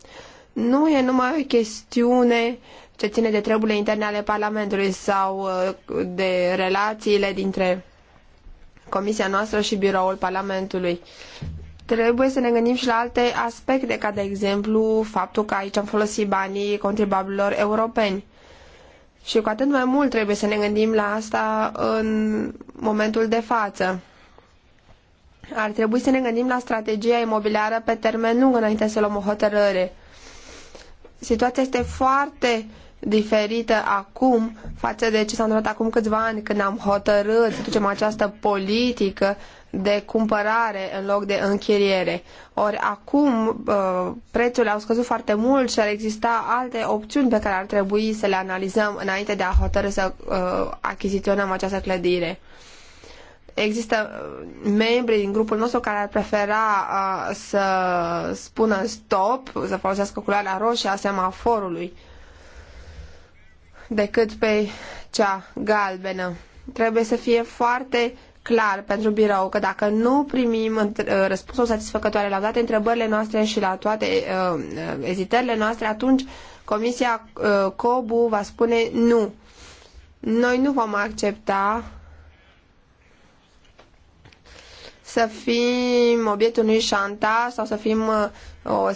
Nu e numai o chestiune ce ține de treburile interne ale Parlamentului sau uh, de relațiile dintre Comisia noastră și Biroul Parlamentului trebuie să ne gândim și la alte aspecte, ca de exemplu faptul că aici am folosit banii contribuabililor europeni. Și cu atât mai mult trebuie să ne gândim la asta în momentul de față. Ar trebui să ne gândim la strategia imobiliară pe termen lung înainte să luăm o hotărâre. Situația este foarte diferită acum față de ce s-a întâmplat acum câțiva ani când am hotărât să ducem această politică de cumpărare în loc de închiriere. Ori acum uh, prețurile au scăzut foarte mult și ar exista alte opțiuni pe care ar trebui să le analizăm înainte de a hotărâ să uh, achiziționăm această clădire. Există uh, membri din grupul nostru care ar prefera să spună stop, să folosească culoarea roșie a semaforului decât pe cea galbenă. Trebuie să fie foarte clar pentru birou că dacă nu primim uh, răspunsul satisfăcătoare la toate întrebările noastre și la toate uh, uh, ezitările noastre, atunci Comisia uh, COBU va spune nu. Noi nu vom accepta să fim obiectul unui șantaj sau să fim uh, o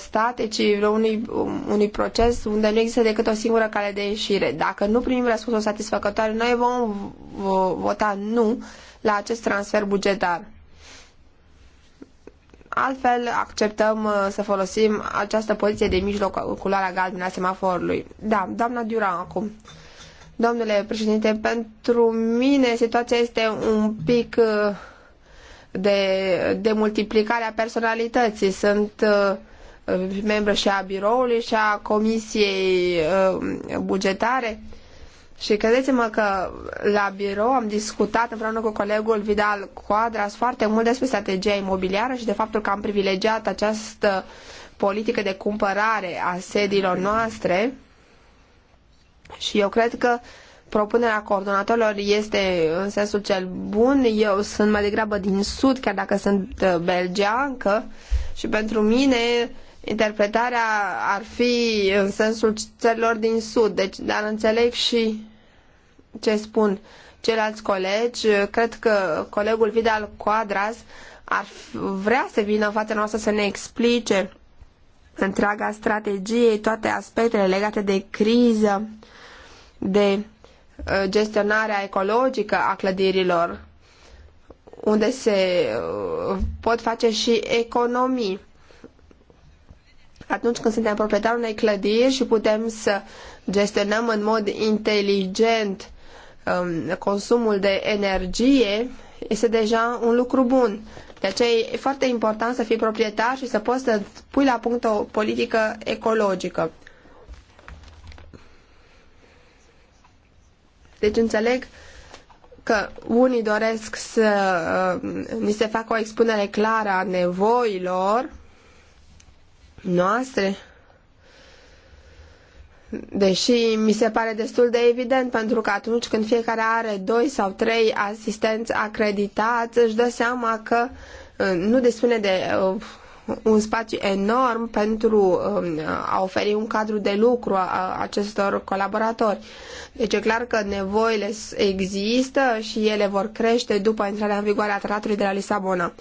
ci unui, um, unui proces unde nu există decât o singură cale de ieșire. Dacă nu primim răspunsul satisfăcătoare, noi vom vota nu la acest transfer bugetar. Altfel, acceptăm uh, să folosim această poziție de mijloc cu la galbenă a semaforului. Da, doamna Dura, acum. Domnule președinte, pentru mine situația este un pic uh, de, de multiplicarea personalității. Sunt uh, membră și a biroului și a comisiei bugetare și credeți-mă că la birou am discutat împreună cu colegul Vidal Coadras foarte mult despre strategia imobiliară și de faptul că am privilegiat această politică de cumpărare a sediilor noastre. Și eu cred că propunerea coordonatorilor este în sensul cel bun. Eu sunt mai degrabă din sud, chiar dacă sunt uh, belgeancă și pentru mine interpretarea ar fi în sensul țărilor din sud, deci, dar înțeleg și ce spun ceilalți colegi. Cred că colegul Vidal Quadras ar vrea să vină în fața noastră să ne explice întreaga strategie, toate aspectele legate de criză, de uh, gestionarea ecologică a clădirilor, unde se uh, pot face și economii atunci când suntem proprietarul unei clădiri și putem să gestionăm în mod inteligent um, consumul de energie, este deja un lucru bun. De aceea e foarte important să fii proprietar și să poți să pui la punct o politică ecologică. Deci înțeleg că unii doresc să uh, ni se facă o expunere clară a nevoilor noastre, deși mi se pare destul de evident, pentru că atunci când fiecare are doi sau trei asistenți acreditați, își dă seama că uh, nu dispune de uh, un spațiu enorm pentru um, a oferi un cadru de lucru a acestor colaboratori. Deci e clar că nevoile există și ele vor crește după intrarea în vigoare a tratatului de la Lisabona.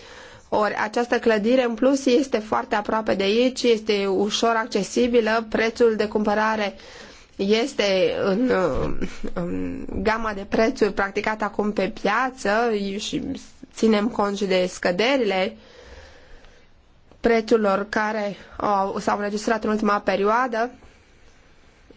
Ori această clădire în plus este foarte aproape de aici, este ușor accesibilă, prețul de cumpărare este în, în gama de prețuri practicată acum pe piață și ținem cont și de scăderile prețurilor care au, s-au înregistrat în ultima perioadă.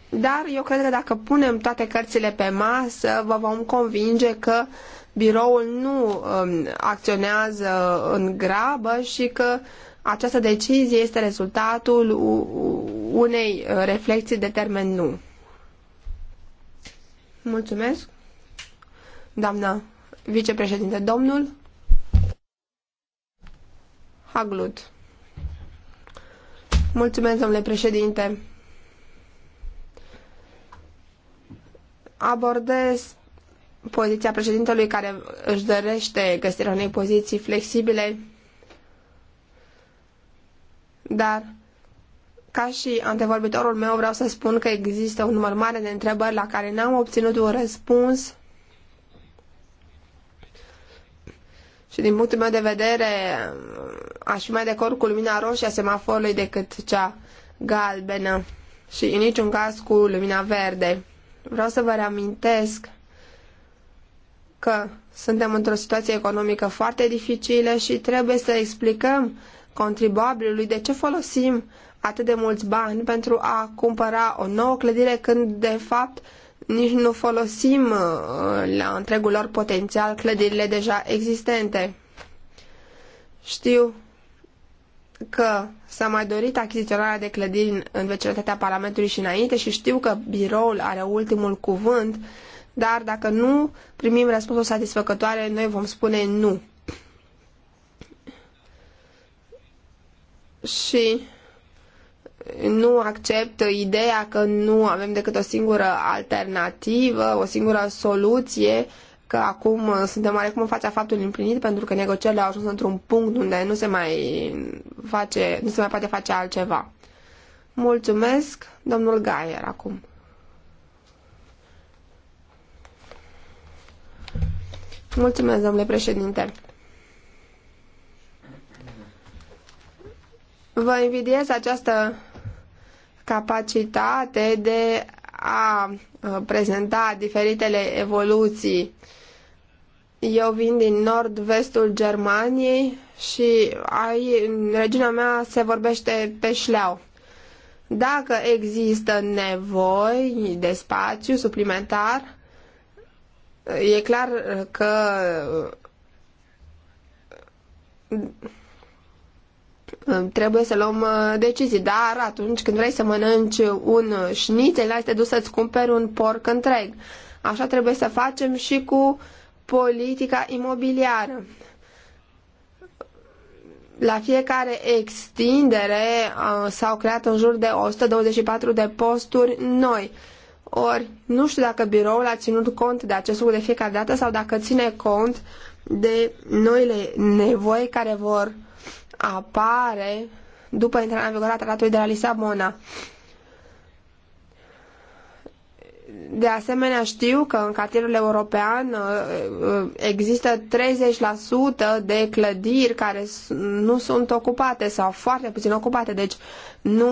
Dar eu cred că dacă punem toate cărțile pe masă, vă vom convinge că uh, biroul nu um, acționează în grabă și că această decizie este rezultatul unei uh, reflexii de termen nu. Mulțumesc. Doamna vicepreședinte, domnul Haglut. Mulțumesc, domnule președinte. Abordez poziția președintelui care își dorește găsirea unei poziții flexibile, dar ca și antevorbitorul meu vreau să spun că există un număr mare de întrebări la care n-am obținut un răspuns și din punctul meu de vedere aș fi mai de cor cu lumina roșie a semaforului decât cea galbenă și în niciun caz cu lumina verde. Vreau să vă reamintesc că suntem într-o situație economică foarte dificilă și trebuie să explicăm contribuabilului de ce folosim atât de mulți bani pentru a cumpăra o nouă clădire când, de fapt, nici nu folosim uh, la întregul lor potențial clădirile deja existente. Știu că s-a mai dorit achiziționarea de clădiri în vecinătatea Parlamentului și înainte și știu că biroul are ultimul cuvânt dar dacă nu primim răspunsul satisfăcătoare, noi vom spune nu. Și nu accept ideea că nu avem decât o singură alternativă, o singură soluție, că acum suntem oarecum în fața faptului împlinit pentru că negocierile au ajuns într-un punct unde nu se mai, face, nu se mai poate face altceva. Mulțumesc, domnul Gaier, acum. Mulțumesc, domnule președinte. Vă invidiez această capacitate de a prezenta diferitele evoluții. Eu vin din nord-vestul Germaniei și ai, în regiunea mea se vorbește pe șleau. Dacă există nevoi de spațiu suplimentar, E clar că uh, trebuie să luăm uh, decizii, dar atunci când vrei să mănânci un șnițel, ai să te duci să-ți cumperi un porc întreg. Așa trebuie să facem și cu politica imobiliară. La fiecare extindere uh, s-au creat în jur de 124 de posturi noi ori, nu știu dacă biroul a ținut cont de acest lucru de fiecare dată sau dacă ține cont de noile nevoi care vor apare după intrarea în vigoare a tratatului de la Lisabona. De asemenea, știu că în cartierul european uh, uh, există 30% de clădiri care nu sunt ocupate sau foarte puțin ocupate, deci nu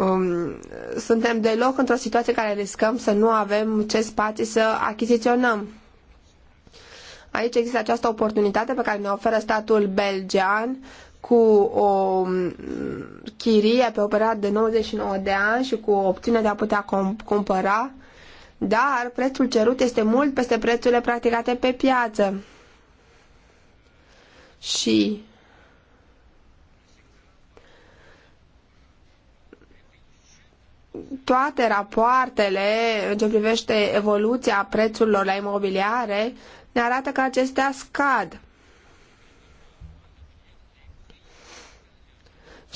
um, suntem deloc într-o situație în care riscăm să nu avem ce spații să achiziționăm. Aici există această oportunitate pe care ne oferă statul belgian cu o um, chirie pe o perioadă de 99 de ani și cu opțiunea de a putea cumpăra dar prețul cerut este mult peste prețurile practicate pe piață. Și toate rapoartele în ce privește evoluția prețurilor la imobiliare ne arată că acestea scad.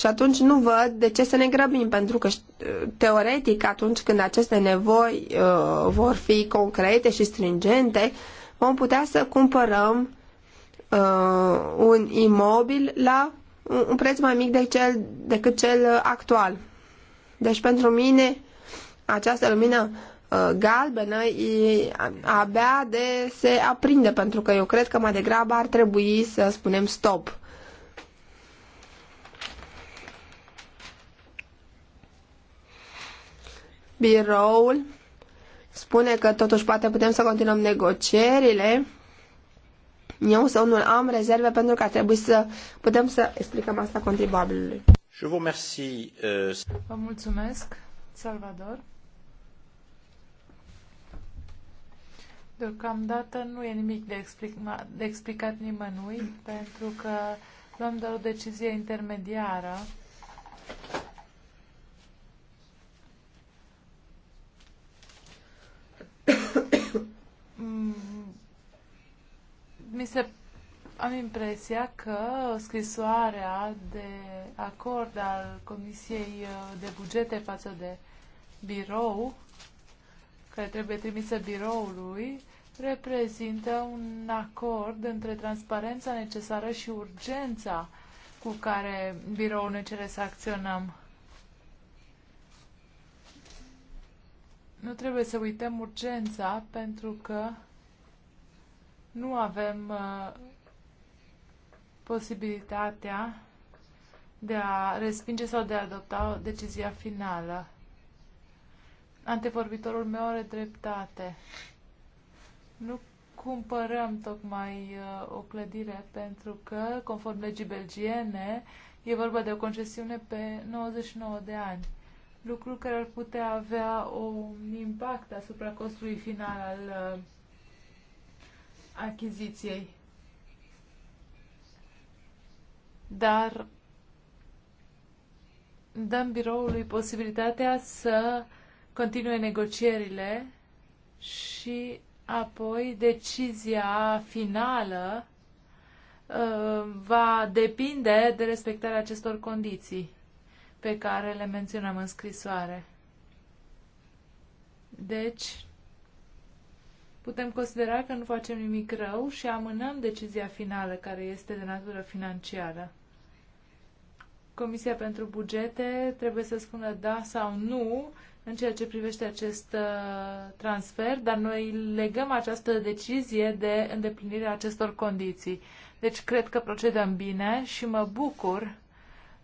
Și atunci nu văd de ce să ne grăbim, pentru că teoretic atunci când aceste nevoi uh, vor fi concrete și stringente, vom putea să cumpărăm uh, un imobil la un, un preț mai mic de cel, decât cel actual. Deci pentru mine această lumină uh, galbenă e abia de se aprinde, pentru că eu cred că mai degrabă ar trebui să spunem stop. biroul spune că totuși poate putem să continuăm negocierile. Eu să nu am rezerve pentru că ar trebui să putem să explicăm asta contribuabilului. Je vous remercie, euh, Vă mulțumesc, Salvador. Deocamdată nu e nimic de, explic, de explicat nimănui, pentru că luăm doar o decizie intermediară mi se am impresia că scrisoarea de acord al Comisiei uh, de Bugete față de birou, care trebuie trimisă biroului, reprezintă un acord între transparența necesară și urgența cu care biroul ne cere să acționăm. Nu trebuie să uităm urgența pentru că nu avem uh, posibilitatea de a respinge sau de a adopta o decizia finală. Antevorbitorul meu are dreptate. Nu cumpărăm tocmai uh, o clădire pentru că, conform legii belgiene, e vorba de o concesiune pe 99 de ani lucru care ar putea avea un impact asupra costului final al uh, achiziției. Dar dăm biroului posibilitatea să continue negocierile și apoi decizia finală uh, va depinde de respectarea acestor condiții pe care le menționăm în scrisoare. Deci, putem considera că nu facem nimic rău și amânăm decizia finală, care este de natură financiară. Comisia pentru bugete trebuie să spună da sau nu în ceea ce privește acest uh, transfer, dar noi legăm această decizie de îndeplinirea acestor condiții. Deci cred că procedăm bine și mă bucur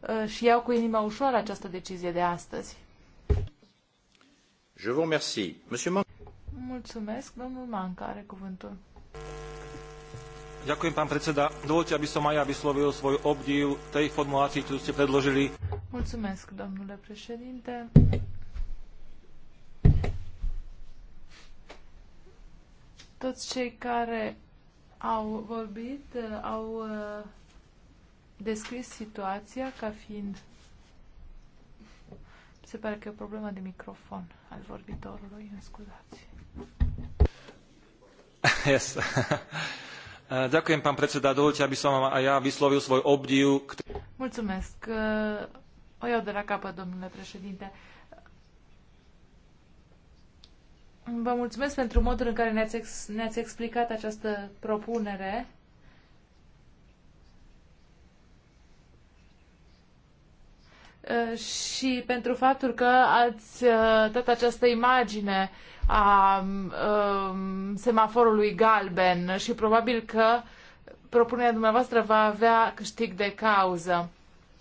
Uh, și iau cu inima ușoară această decizie de astăzi. Je vous remercie. Monsieur Man... Mulțumesc. Domnul Manca are cuvântul. Ďakujem, pán predseda. Dovolte, aby som aj ja vyslovil svoj obdiv tej formulácii, ktorú ste predložili. Mulțumesc, domnule președinte. Toți cei care au vorbit uh, au uh, descris situația ca fiind se pare că e o problemă de microfon al vorbitorului, îmi scuzați. Yes. Ďakujem, pán predseda. Dovolte, aby som a ja vyslovil svoj obdiv. Mulțumesc. Eh, o iau de la capăt, domnule președinte. Vă mulțumesc pentru modul în care ne-ați, ex- ne explicat această propunere Uh, și pentru faptul că ați dat uh, această imagine a um, semaforului galben și probabil că propunerea dumneavoastră va avea câștig de cauză.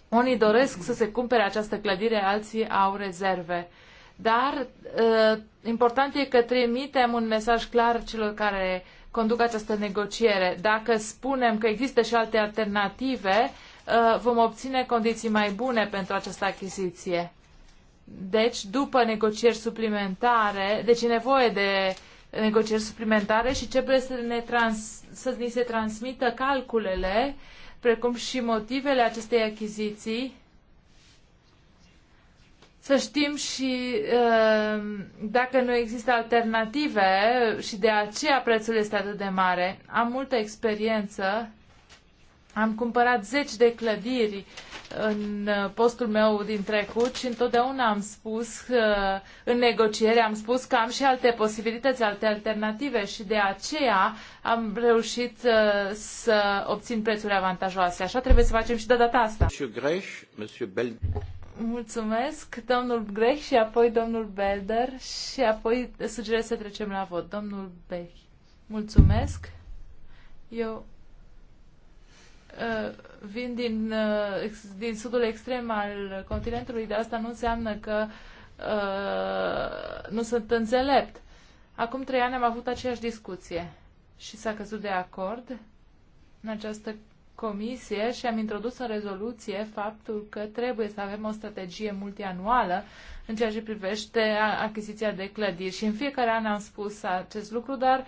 Unii doresc să se cumpere această clădire, alții au rezerve. Dar uh, important e că trimitem un mesaj clar celor care conduc această negociere. Dacă spunem că există și alte alternative, Uh, vom obține condiții mai bune pentru această achiziție. Deci, după negocieri suplimentare, deci e nevoie de negocieri suplimentare și ce trebuie să, ne trans, să ni se transmită calculele, precum și motivele acestei achiziții, să știm și uh, dacă nu există alternative și de aceea prețul este atât de mare. Am multă experiență am cumpărat zeci de clădiri în uh, postul meu din trecut și întotdeauna am spus, uh, în negociere am spus că am și alte posibilități, alte alternative și de aceea am reușit uh, să obțin prețuri avantajoase. Așa trebuie să facem și de data asta. Greș, Bel... Mulțumesc, domnul Grech și apoi domnul Belder și apoi sugerez să trecem la vot. Domnul Bech, mulțumesc. Eu Uh, vin din, uh, din sudul extrem al continentului, dar asta nu înseamnă că uh, nu sunt înțelept. Acum trei ani am avut aceeași discuție și s-a căzut de acord în această comisie și am introdus în rezoluție faptul că trebuie să avem o strategie multianuală în ceea ce privește achiziția de clădiri. Și în fiecare an am spus acest lucru, dar uh,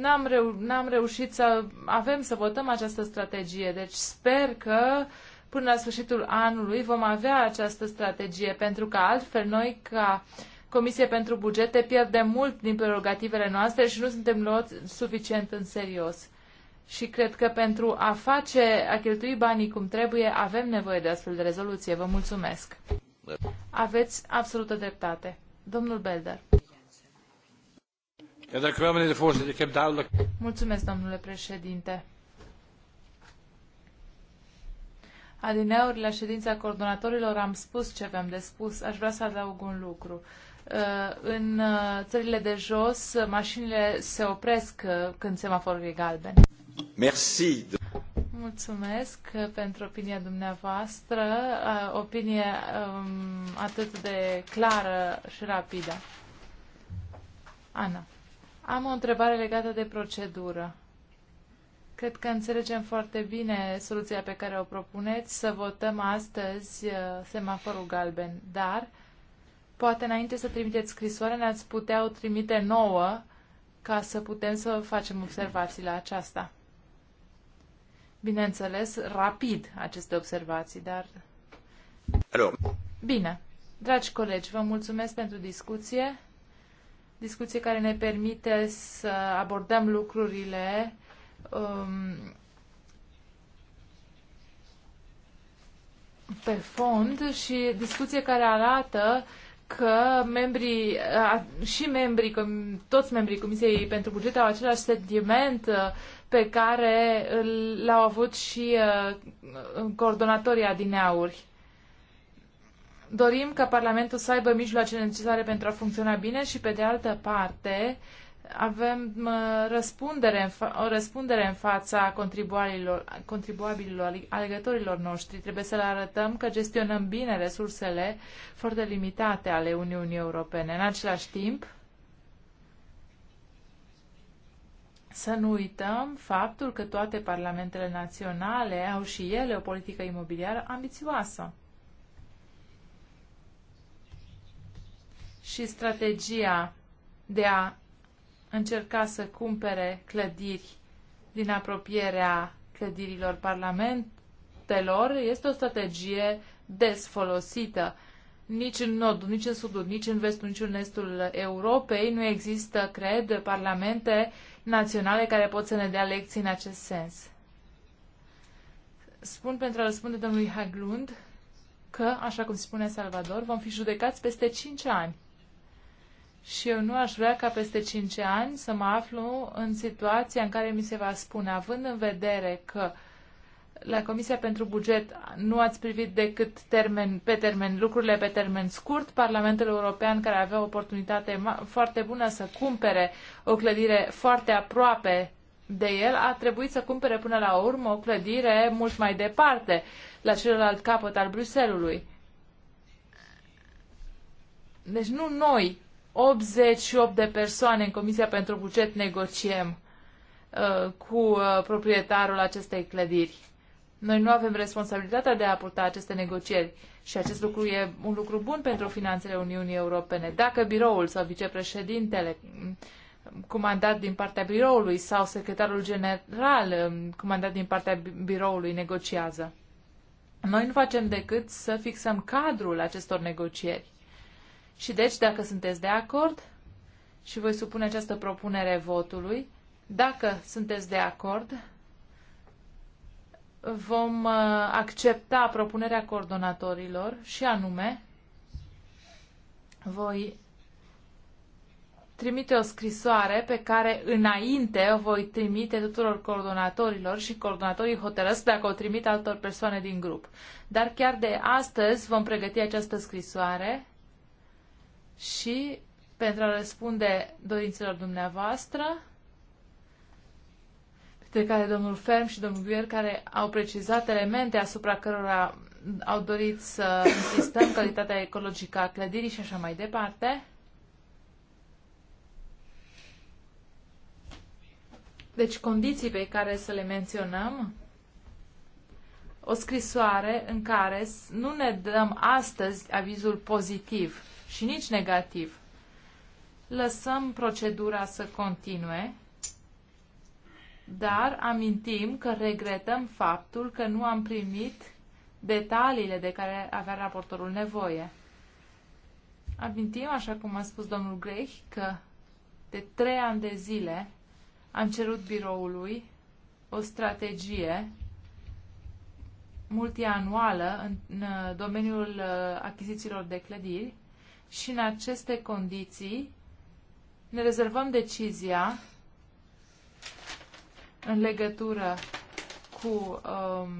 n-am, reu- n-am reușit să avem, să votăm această strategie. Deci sper că până la sfârșitul anului vom avea această strategie, pentru că altfel noi ca Comisie pentru Bugete pierdem mult din prerogativele noastre și nu suntem luați suficient în serios. Și cred că pentru a face, a cheltui banii cum trebuie, avem nevoie de astfel de rezoluție. Vă mulțumesc. Aveți absolută dreptate. Domnul Belder. Mulțumesc, domnule președinte. Adineori, la ședința coordonatorilor, am spus ce aveam de spus. Aș vrea să adaug un lucru. Uh, în uh, țările de jos, mașinile se opresc uh, când semaforul e galben. Merci. Mulțumesc pentru opinia dumneavoastră, opinie um, atât de clară și rapidă. Ana. Am o întrebare legată de procedură. Cred că înțelegem foarte bine soluția pe care o propuneți, să votăm astăzi uh, semaforul galben, dar poate înainte să trimiteți scrisoare ne-ați putea o trimite nouă ca să putem să facem observații la aceasta. Bineînțeles, rapid aceste observații, dar... Bine. Dragi colegi, vă mulțumesc pentru discuție discuție care ne permite să abordăm lucrurile um, pe fond și discuție care arată că membrii, și membrii, toți membrii Comisiei pentru Buget au același sentiment pe care l-au avut și uh, coordonatorii adineauri dorim ca Parlamentul să aibă mijloacele necesare pentru a funcționa bine și, pe de altă parte, avem răspundere, o răspundere în fața contribuabililor, contribuabililor, alegătorilor noștri. Trebuie să le arătăm că gestionăm bine resursele foarte limitate ale Uniunii Europene. În același timp, să nu uităm faptul că toate parlamentele naționale au și ele o politică imobiliară ambițioasă. și strategia de a încerca să cumpere clădiri din apropierea clădirilor parlamentelor este o strategie des folosită. Nici în nordul, nici în sudul, nici în vestul, nici în estul Europei nu există, cred, parlamente naționale care pot să ne dea lecții în acest sens. Spun pentru a răspunde domnului Haglund că, așa cum spune Salvador, vom fi judecați peste 5 ani și eu nu aș vrea ca peste 5 ani să mă aflu în situația în care mi se va spune, având în vedere că la Comisia pentru Buget nu ați privit decât termen, pe termen, lucrurile pe termen scurt, Parlamentul European care avea o oportunitate foarte bună să cumpere o clădire foarte aproape de el, a trebuit să cumpere până la urmă o clădire mult mai departe, la celălalt capăt al Bruselului. Deci nu noi 88 de persoane în Comisia pentru Buget negociem uh, cu uh, proprietarul acestei clădiri. Noi nu avem responsabilitatea de a purta aceste negocieri și acest lucru e un lucru bun pentru finanțele Uniunii Europene. Dacă biroul sau vicepreședintele comandat din partea biroului sau secretarul general um, comandat din partea biroului negociază. Noi nu facem decât să fixăm cadrul acestor negocieri. Și deci, dacă sunteți de acord, și voi supune această propunere votului, dacă sunteți de acord, vom uh, accepta propunerea coordonatorilor și anume voi trimite o scrisoare pe care înainte o voi trimite tuturor coordonatorilor și coordonatorii hotărăsc dacă o trimit altor persoane din grup. Dar chiar de astăzi vom pregăti această scrisoare și pentru a răspunde dorințelor dumneavoastră, pe care domnul Ferm și domnul Guier, care au precizat elemente asupra cărora au dorit să insistăm, calitatea ecologică a clădirii și așa mai departe. Deci condiții pe care să le menționăm, o scrisoare în care nu ne dăm astăzi avizul pozitiv, și nici negativ. Lăsăm procedura să continue, dar amintim că regretăm faptul că nu am primit detaliile de care avea raportorul nevoie. Amintim, așa cum a spus domnul Grech, că de trei ani de zile am cerut biroului o strategie multianuală în, în domeniul uh, achizițiilor de clădiri și în aceste condiții ne rezervăm decizia în legătură cu um,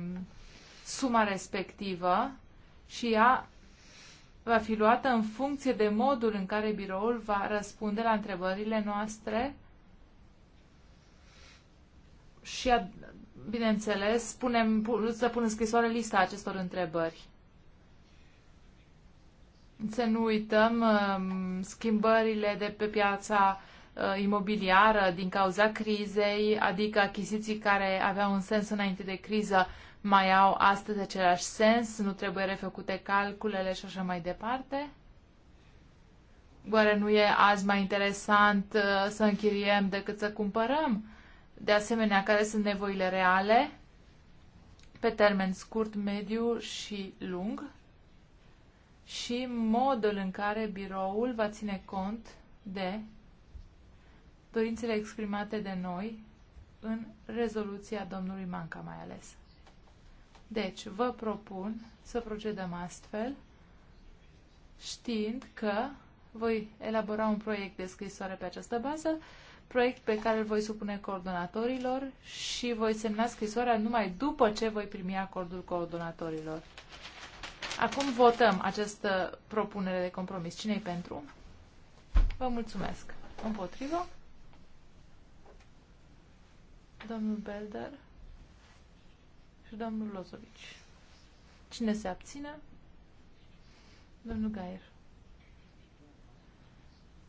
suma respectivă și ea va fi luată în funcție de modul în care biroul va răspunde la întrebările noastre și, bineînțeles, punem, să pun în scrisoare lista acestor întrebări să nu uităm um, schimbările de pe piața uh, imobiliară din cauza crizei, adică achiziții care aveau un sens înainte de criză mai au astăzi același sens, nu trebuie refăcute calculele și așa mai departe? Oare nu e azi mai interesant uh, să închiriem decât să cumpărăm? De asemenea, care sunt nevoile reale pe termen scurt, mediu și lung? și modul în care biroul va ține cont de dorințele exprimate de noi în rezoluția domnului Manca mai ales. Deci, vă propun să procedăm astfel, știind că voi elabora un proiect de scrisoare pe această bază, proiect pe care îl voi supune coordonatorilor și voi semna scrisoarea numai după ce voi primi acordul coordonatorilor. Acum votăm această propunere de compromis. cine pentru? Vă mulțumesc. Împotrivă? Domnul Belder și domnul Lozovici. Cine se abține? Domnul Gair.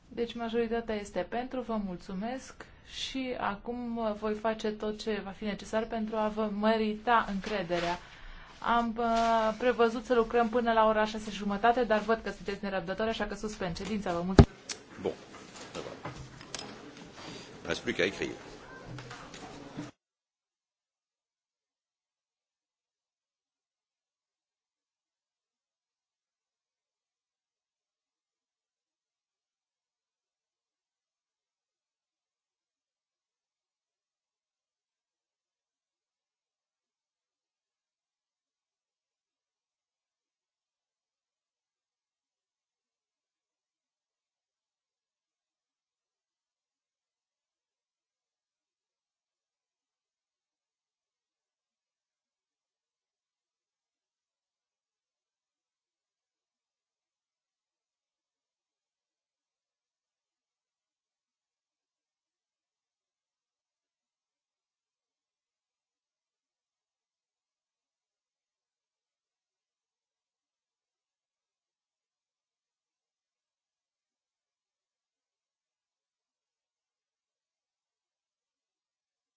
Deci majoritatea este pentru, vă mulțumesc și acum voi face tot ce va fi necesar pentru a vă mărita încrederea am uh, prevăzut să lucrăm până la ora 6 jumătate, dar văd că sunteți nerăbdători, așa că suspend ședința. Vă mulțumesc. Bun. Pas plus qu'à écrire.